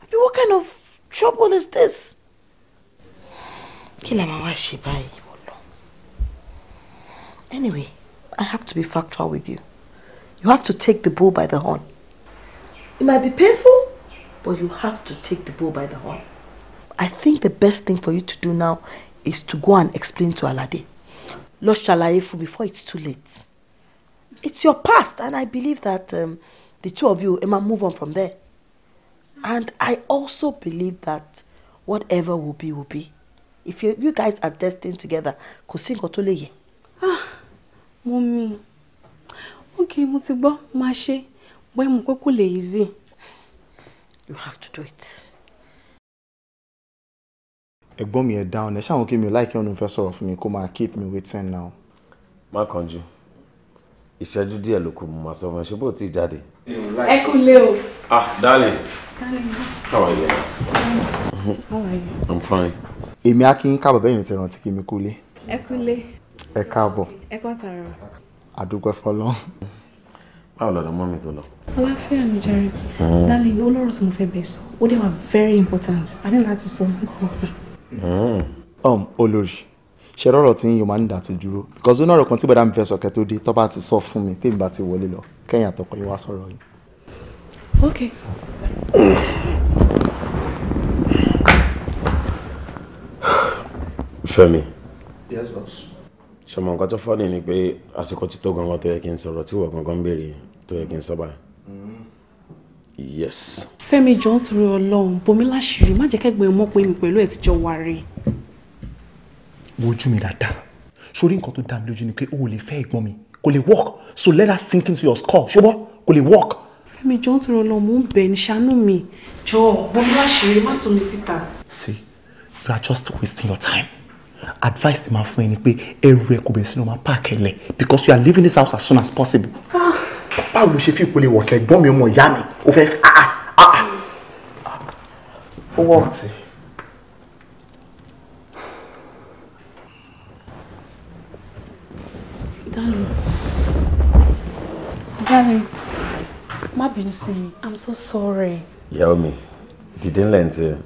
àbí what kind of trouble is this? kí la máa wá ṣe báyìí wọ́lọ́ anyway I have to be factual with you you have to take the bull by the horn it might be painful but you have to take the bull by the horn I think the best thing for you to do now is to go and explain to Alade lọ ṣàlàyé fún before it's too late it's your past, and I believe that um, the two of you, Emma, move on from there. And I also believe that whatever will be, will be. If you, you guys are destined together, kò sí nǹkan tó lè yẹ. Ah, mommy. Okay, mo ti gbọ́, máa ṣe. Bóyá mo pé kò lè easy. You have to do it. Ẹ̀gbọ́n mi ẹ̀ down ẹ̀ ṣáà wọn kí mi ò láìkí ọ̀nà ìfẹ́ sọ̀rọ̀ fún mi kó máa keep me waiting now. Má kánjú ìṣẹ́jú díẹ̀ ló kù mo máa sọ fún ẹ ṣé bó ti jáde. ẹ kú o. ah darling. how are you. i'm fine. èmi á kí n káàbọ̀ bẹ́ẹ̀ ni tẹ̀ràn tí kì í mi kú lé. ẹ kú lé. ẹ káàbọ̀. ẹ kàn tààrà. àdúgbò fọlọ́. báwo lọ́dọ̀ mọ́ mi tó lọ. aláfíà ni jàre hmm. darling ló lọ́rọ̀ tí fẹ́ bẹ̀ sọ ó dẹ̀ wà very important a ní láti sọ nísinsìnyí. Hmm. Um, olórí ṣe rọrọ tí yín o máa ń dà ti dúró because ó ní ọ̀rọ̀ kan tí bọ̀dá mi fẹ́ sọ kẹ́ dé tó ti sọ fún mi tèmi bá ti wọlé lọ kẹ́yìn àtọkọ yín wá sọ̀rọ̀ yìí. okay. Fẹ́mi. yes boss. ṣọmọ nǹkan tó fọ́ọ̀nì ni pé àsìkò ti tó gangan tó yẹ kí n sọ̀rọ̀ tí wọ́n gangan ń béèrè tó yẹ kí n sọ́ba. Mm-hmm. yes. Fẹ́mi jọ ń turu Ọlọ́run bomi láṣìírí má jẹ́ kẹ́gbẹ́ mọ̀ pé mi pẹ̀lú ẹ̀ wojú mi dáadáa sórí nǹkan tó dá mi lójú ni pé o ò lè fẹ́ ìgbọ́n mi kò lè work so let that sink into your skull ṣùgbọ́n kò lè work. Fẹ́mi jọ ń tọrọ lọ mò ń bẹ̀ ní ṣàánú mi. jọ gbọ́n mi wá ṣeré má tún mi síta. see you are just wasting your time advice ti máa fún ẹ ni pé ẹrù ẹ kò bẹ̀rẹ̀ sínú máa pààkì ẹlẹ̀ because you are leaving this house as soon as possible. Ah. báwo ló ṣe fi ìpele wọ̀sẹ̀ gbọ́n mi ọmọ ìyá mi ò fẹ́ fi ah ah ah. ah. ó wọ̀ ti. Darling. Darling. ma bínú sí I'm so sorry. Ìyàwó mi, dìde ńlẹ̀ ń tẹ.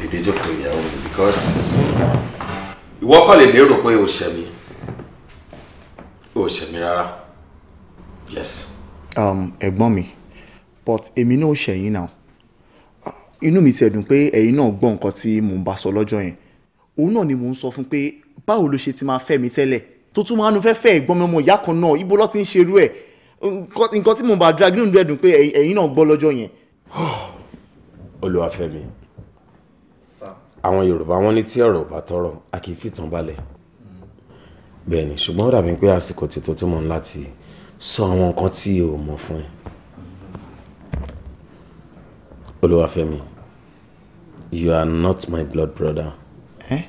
Dìde jókòó ìyàwó mi because you walk all the pé o ṣẹ̀ mi. O Yes. Um, ẹ̀gbọ́n mi, but èmi náà ṣẹ̀ now, you know, me ti dùn pé ẹ̀yin náà gbọ́ nǹkan tí mò ń bá sọ lọ́jọ́ ni mò ń sọ fún pé báwo ló ti máa fẹ́ mi tẹ́lẹ̀ tó tún máa nu fẹ́fẹ́ ẹ̀gbọ́n mọ́mọ́ ìyá kan náà ibo ló ti ń ṣe irú ẹ̀ nǹkan tí mo bá drag nínú rẹ̀ dùn pé ẹ̀yin náà gbọ́ lọ́jọ́ yẹn. olùwàfẹ́mi àwọn yorùbá wọn ní tí ọ̀rọ̀ bá tọrọ a kì í fìtàn balẹ̀ hmm. bẹ́ẹ̀ ni ṣùgbọ́n ó dàbí pé àsìkò ti tó tí mo ń láti sọ àwọn nǹkan tí o mọ̀ fún ẹ hmm. olùwàfẹ́mi you are not my blood brother. Eh?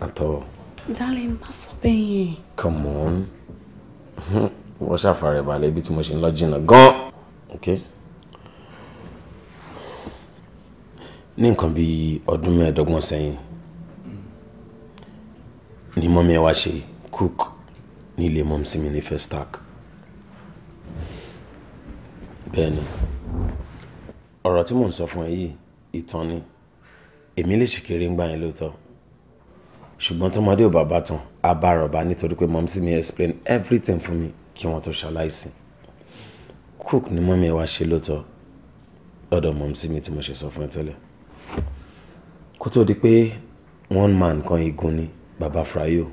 at all. Darling, má sọ bẹ́ẹ̀ yẹn. Come on. Wọ́n ṣàfàrẹ̀ balẹ̀ ibi tí mo ṣe ń lọ jìnnà gan Okay. Ní nǹkan bíi ọdún mẹ́ẹ̀ẹ́dọ́gbọ̀n sẹ́yìn ni mọ́mí ẹ wá ṣe cook ní ilé mọ́mísí mi ní Festac. Bẹ́ẹ̀ ni, ọ̀rọ̀ tí mò ń sọ fún ẹ yìí ìtàn ni, èmi lè ṣèkéré ń gbà yẹn lóòótọ́ ṣùgbọ́n tọmọdé ò bàbá tán á bá rọ̀bà nítorí pé mọ̀mísí mi explain everything fún mi kí wọ́n tó ṣaláìsí cook ni mọ́mí ẹ wá ṣe lóòótọ́ lọ́dọ̀ mọ̀mísí mi tí mo ṣe sọ fún ẹ tẹ́lẹ̀ kó tó di pé one man kan igun ni bàbá frayo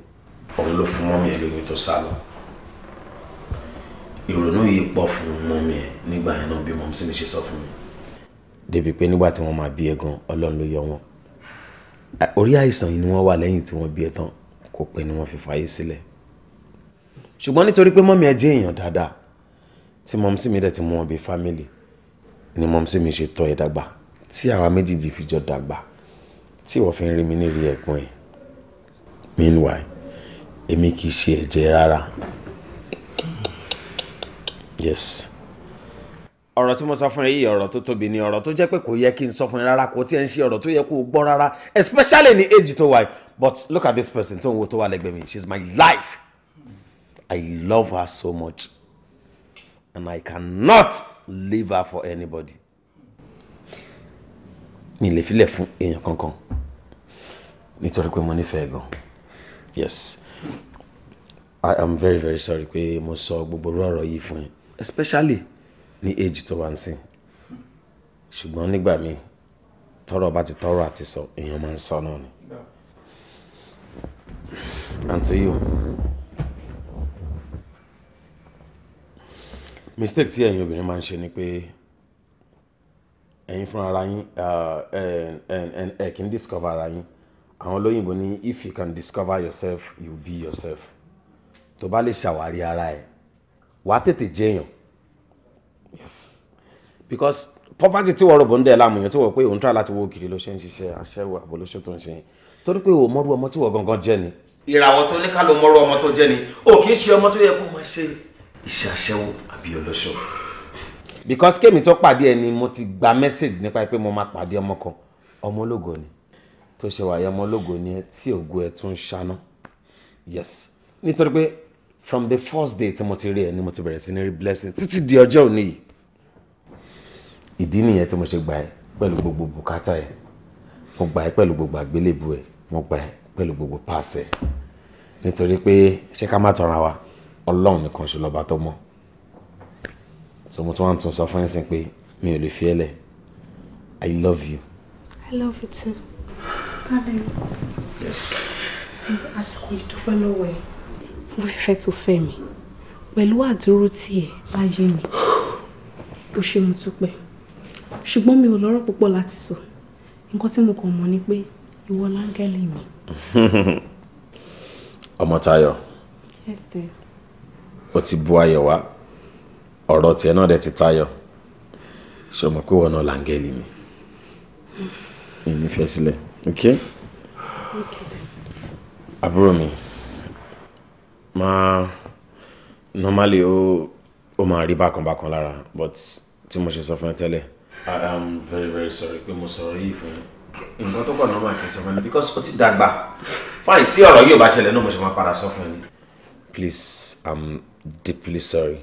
òun ló fún mọ́mí ẹ lóyún tó sá lọ ìrònú yìí pọ̀ fún mọ́mí ẹ nígbà yẹn náà bí mọ̀mísí mi ṣe sọ fún mi débi pé nígbà tí wọ́n máa bí ẹ gan ọlọ́run ló yọ wọn orí àìsàn yìí ni wọ́n wà lẹ́yìn tí wọ́n bí ẹ tán kò pẹ́ ni wọ́n fi fàyè sílẹ̀ ṣùgbọ́n nítorí pé mọ́mí ẹ jẹ́ èèyàn dáadáa tí mọ́mísí mi dẹ̀ ti mú wọn bí fámìlì ni mọ́mísí mi ṣe tọ́ ẹ dàgbà tí àwa méjèèjì fi jọ dàgbà tí wọ́n fi ń rí mi ní rí ẹ̀gbọ́n ẹ̀ meanwhile èmi kì í ṣe ẹ̀jẹ̀ rárá yes ọ̀rọ̀ tí mo sọ fún ẹ yìí ọ̀rọ̀ tó tóbi ni ọ̀rọ̀ tó jẹ́ pé kò yẹ kí n sọ fún ẹ rárá kò tiẹ̀ ń ṣe ọ̀rọ̀ tó yẹ kó o gbọ́ rárá especially ní age tó wà but look at this person tó ń wo tó wà lẹ́gbẹ̀ẹ́ mi she is my life I love her so much and I cannot leave her for anybody mi lè filẹ̀ fún èèyàn kankan nítorí pé mo nífẹ̀ẹ́ gan yes I am very very sorry pé mo sọ gbogbo ọ̀rọ̀ yìí fún ẹ especially ní age tó wà ń sìn ṣùgbọ́n nígbà míì tọrọ bá ti tọrọ àti sọ èèyàn máa ń sọ náà ni. and to you mistake tí ẹ̀yin obìnrin máa ń ṣe ni pé ẹ̀yin fúnra ara yín ẹ̀ kì í discover ara yín àwọn olóyìnbó ní if you can discover yourself you be yourself tó bá lè ṣàwárí ara ẹ̀ wàá tètè jẹ́yàn yes because poverty tí wọ́n rọ̀bọ̀ ń dẹ̀ láàmú yẹn tí wọ́n pé òun try láti wo kiri ló ṣe ń ṣiṣẹ́ aṣẹ́wó àbọ̀lóṣó tó ń ṣe yẹn torí pé o mọ́rú ọmọ tí wọ́n gangan jẹ́ ni. ìràwọ̀ tó ní ká ló mọ́rú ọmọ tó jẹ́ ni o kì í ṣe ọmọ tó yẹ kó máa ṣe iṣẹ́ aṣẹ́wó àbí ọlọ́ṣọ́. because kémi tó pàdé ẹni mo ti gba message nípa pé mo máa pàdé ọmọ kan ọmọ ológo ni tó ṣe wàyẹ ọmọ ológo yes nítorí from the first day tí mo ti rí ẹ ni blessing títí di ọjọ́ ìdí nìyẹn tí mo ṣe gbà ẹ́ pẹ̀lú gbogbo bùkátà ẹ̀ mo gbà ẹ́ pẹ̀lú gbogbo àgbélébù ẹ̀ mo gbà ẹ́ pẹ̀lú gbogbo pass nítorí pé ṣé ká má tọra wa ọlọ́run nìkan ṣe lọ́ba tó mọ́ so mo tún wá ń tún sọ fún ẹ̀ sìn pé mi ò lè fi ẹ́ lẹ̀ I love you. I love you too. Darling. Yes. Fi àsìkò ìdúpẹ́ lọ́wọ́ ẹ̀. Fún fífẹ́ tó fẹ́ mi pẹ̀lú àdúró tí ẹ̀ bá yé mi. Ó ṣe mo dúpẹ́ ṣùgbọ́n mi ò lọ́rọ̀ púpọ̀ láti sọ nǹkan tí mo kàn mọ̀ ni pé ìwọ láńgẹ́lì mi. ọmọ Táyọ̀ ó ti bu ayọ̀ wá ọ̀rọ̀ tiẹ̀ náà dẹ̀ ti Táyọ̀ ṣe mọ̀ pé wọn náà láńgẹ́lì mi ìnífẹ̀ẹ́ sílẹ̀ ok àbúrò mi máa normally ó ó máa rí bákan bákan lára but tí mo ṣe sọ fún ẹ tẹ́lẹ̀ i'm very very sorry pé mo sọ̀rọ̀ yìí fún yín nǹkan tó kọ̀ normal kì í sọ fún because ó ti dàgbà fine tí ọ̀rọ̀ yóò bá ṣẹlẹ̀ náà mo ṣe máa padà sọ fún yín. please i'm deeply sorry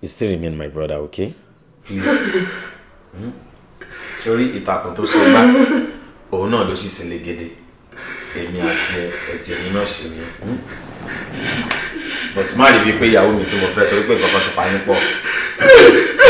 you still remain my brother okay. please hmm? sórí ìtàkùn tó sọ bá òun náà ló ṣì ṣẹlẹ̀ gẹ́dẹ́ èmi àti ẹ̀jẹ̀ yín náà ṣe ni hmm? but má rí wípé ìyàwó mi tí mo fẹ́ torí pé nǹkan kan ti pa yín pọ̀.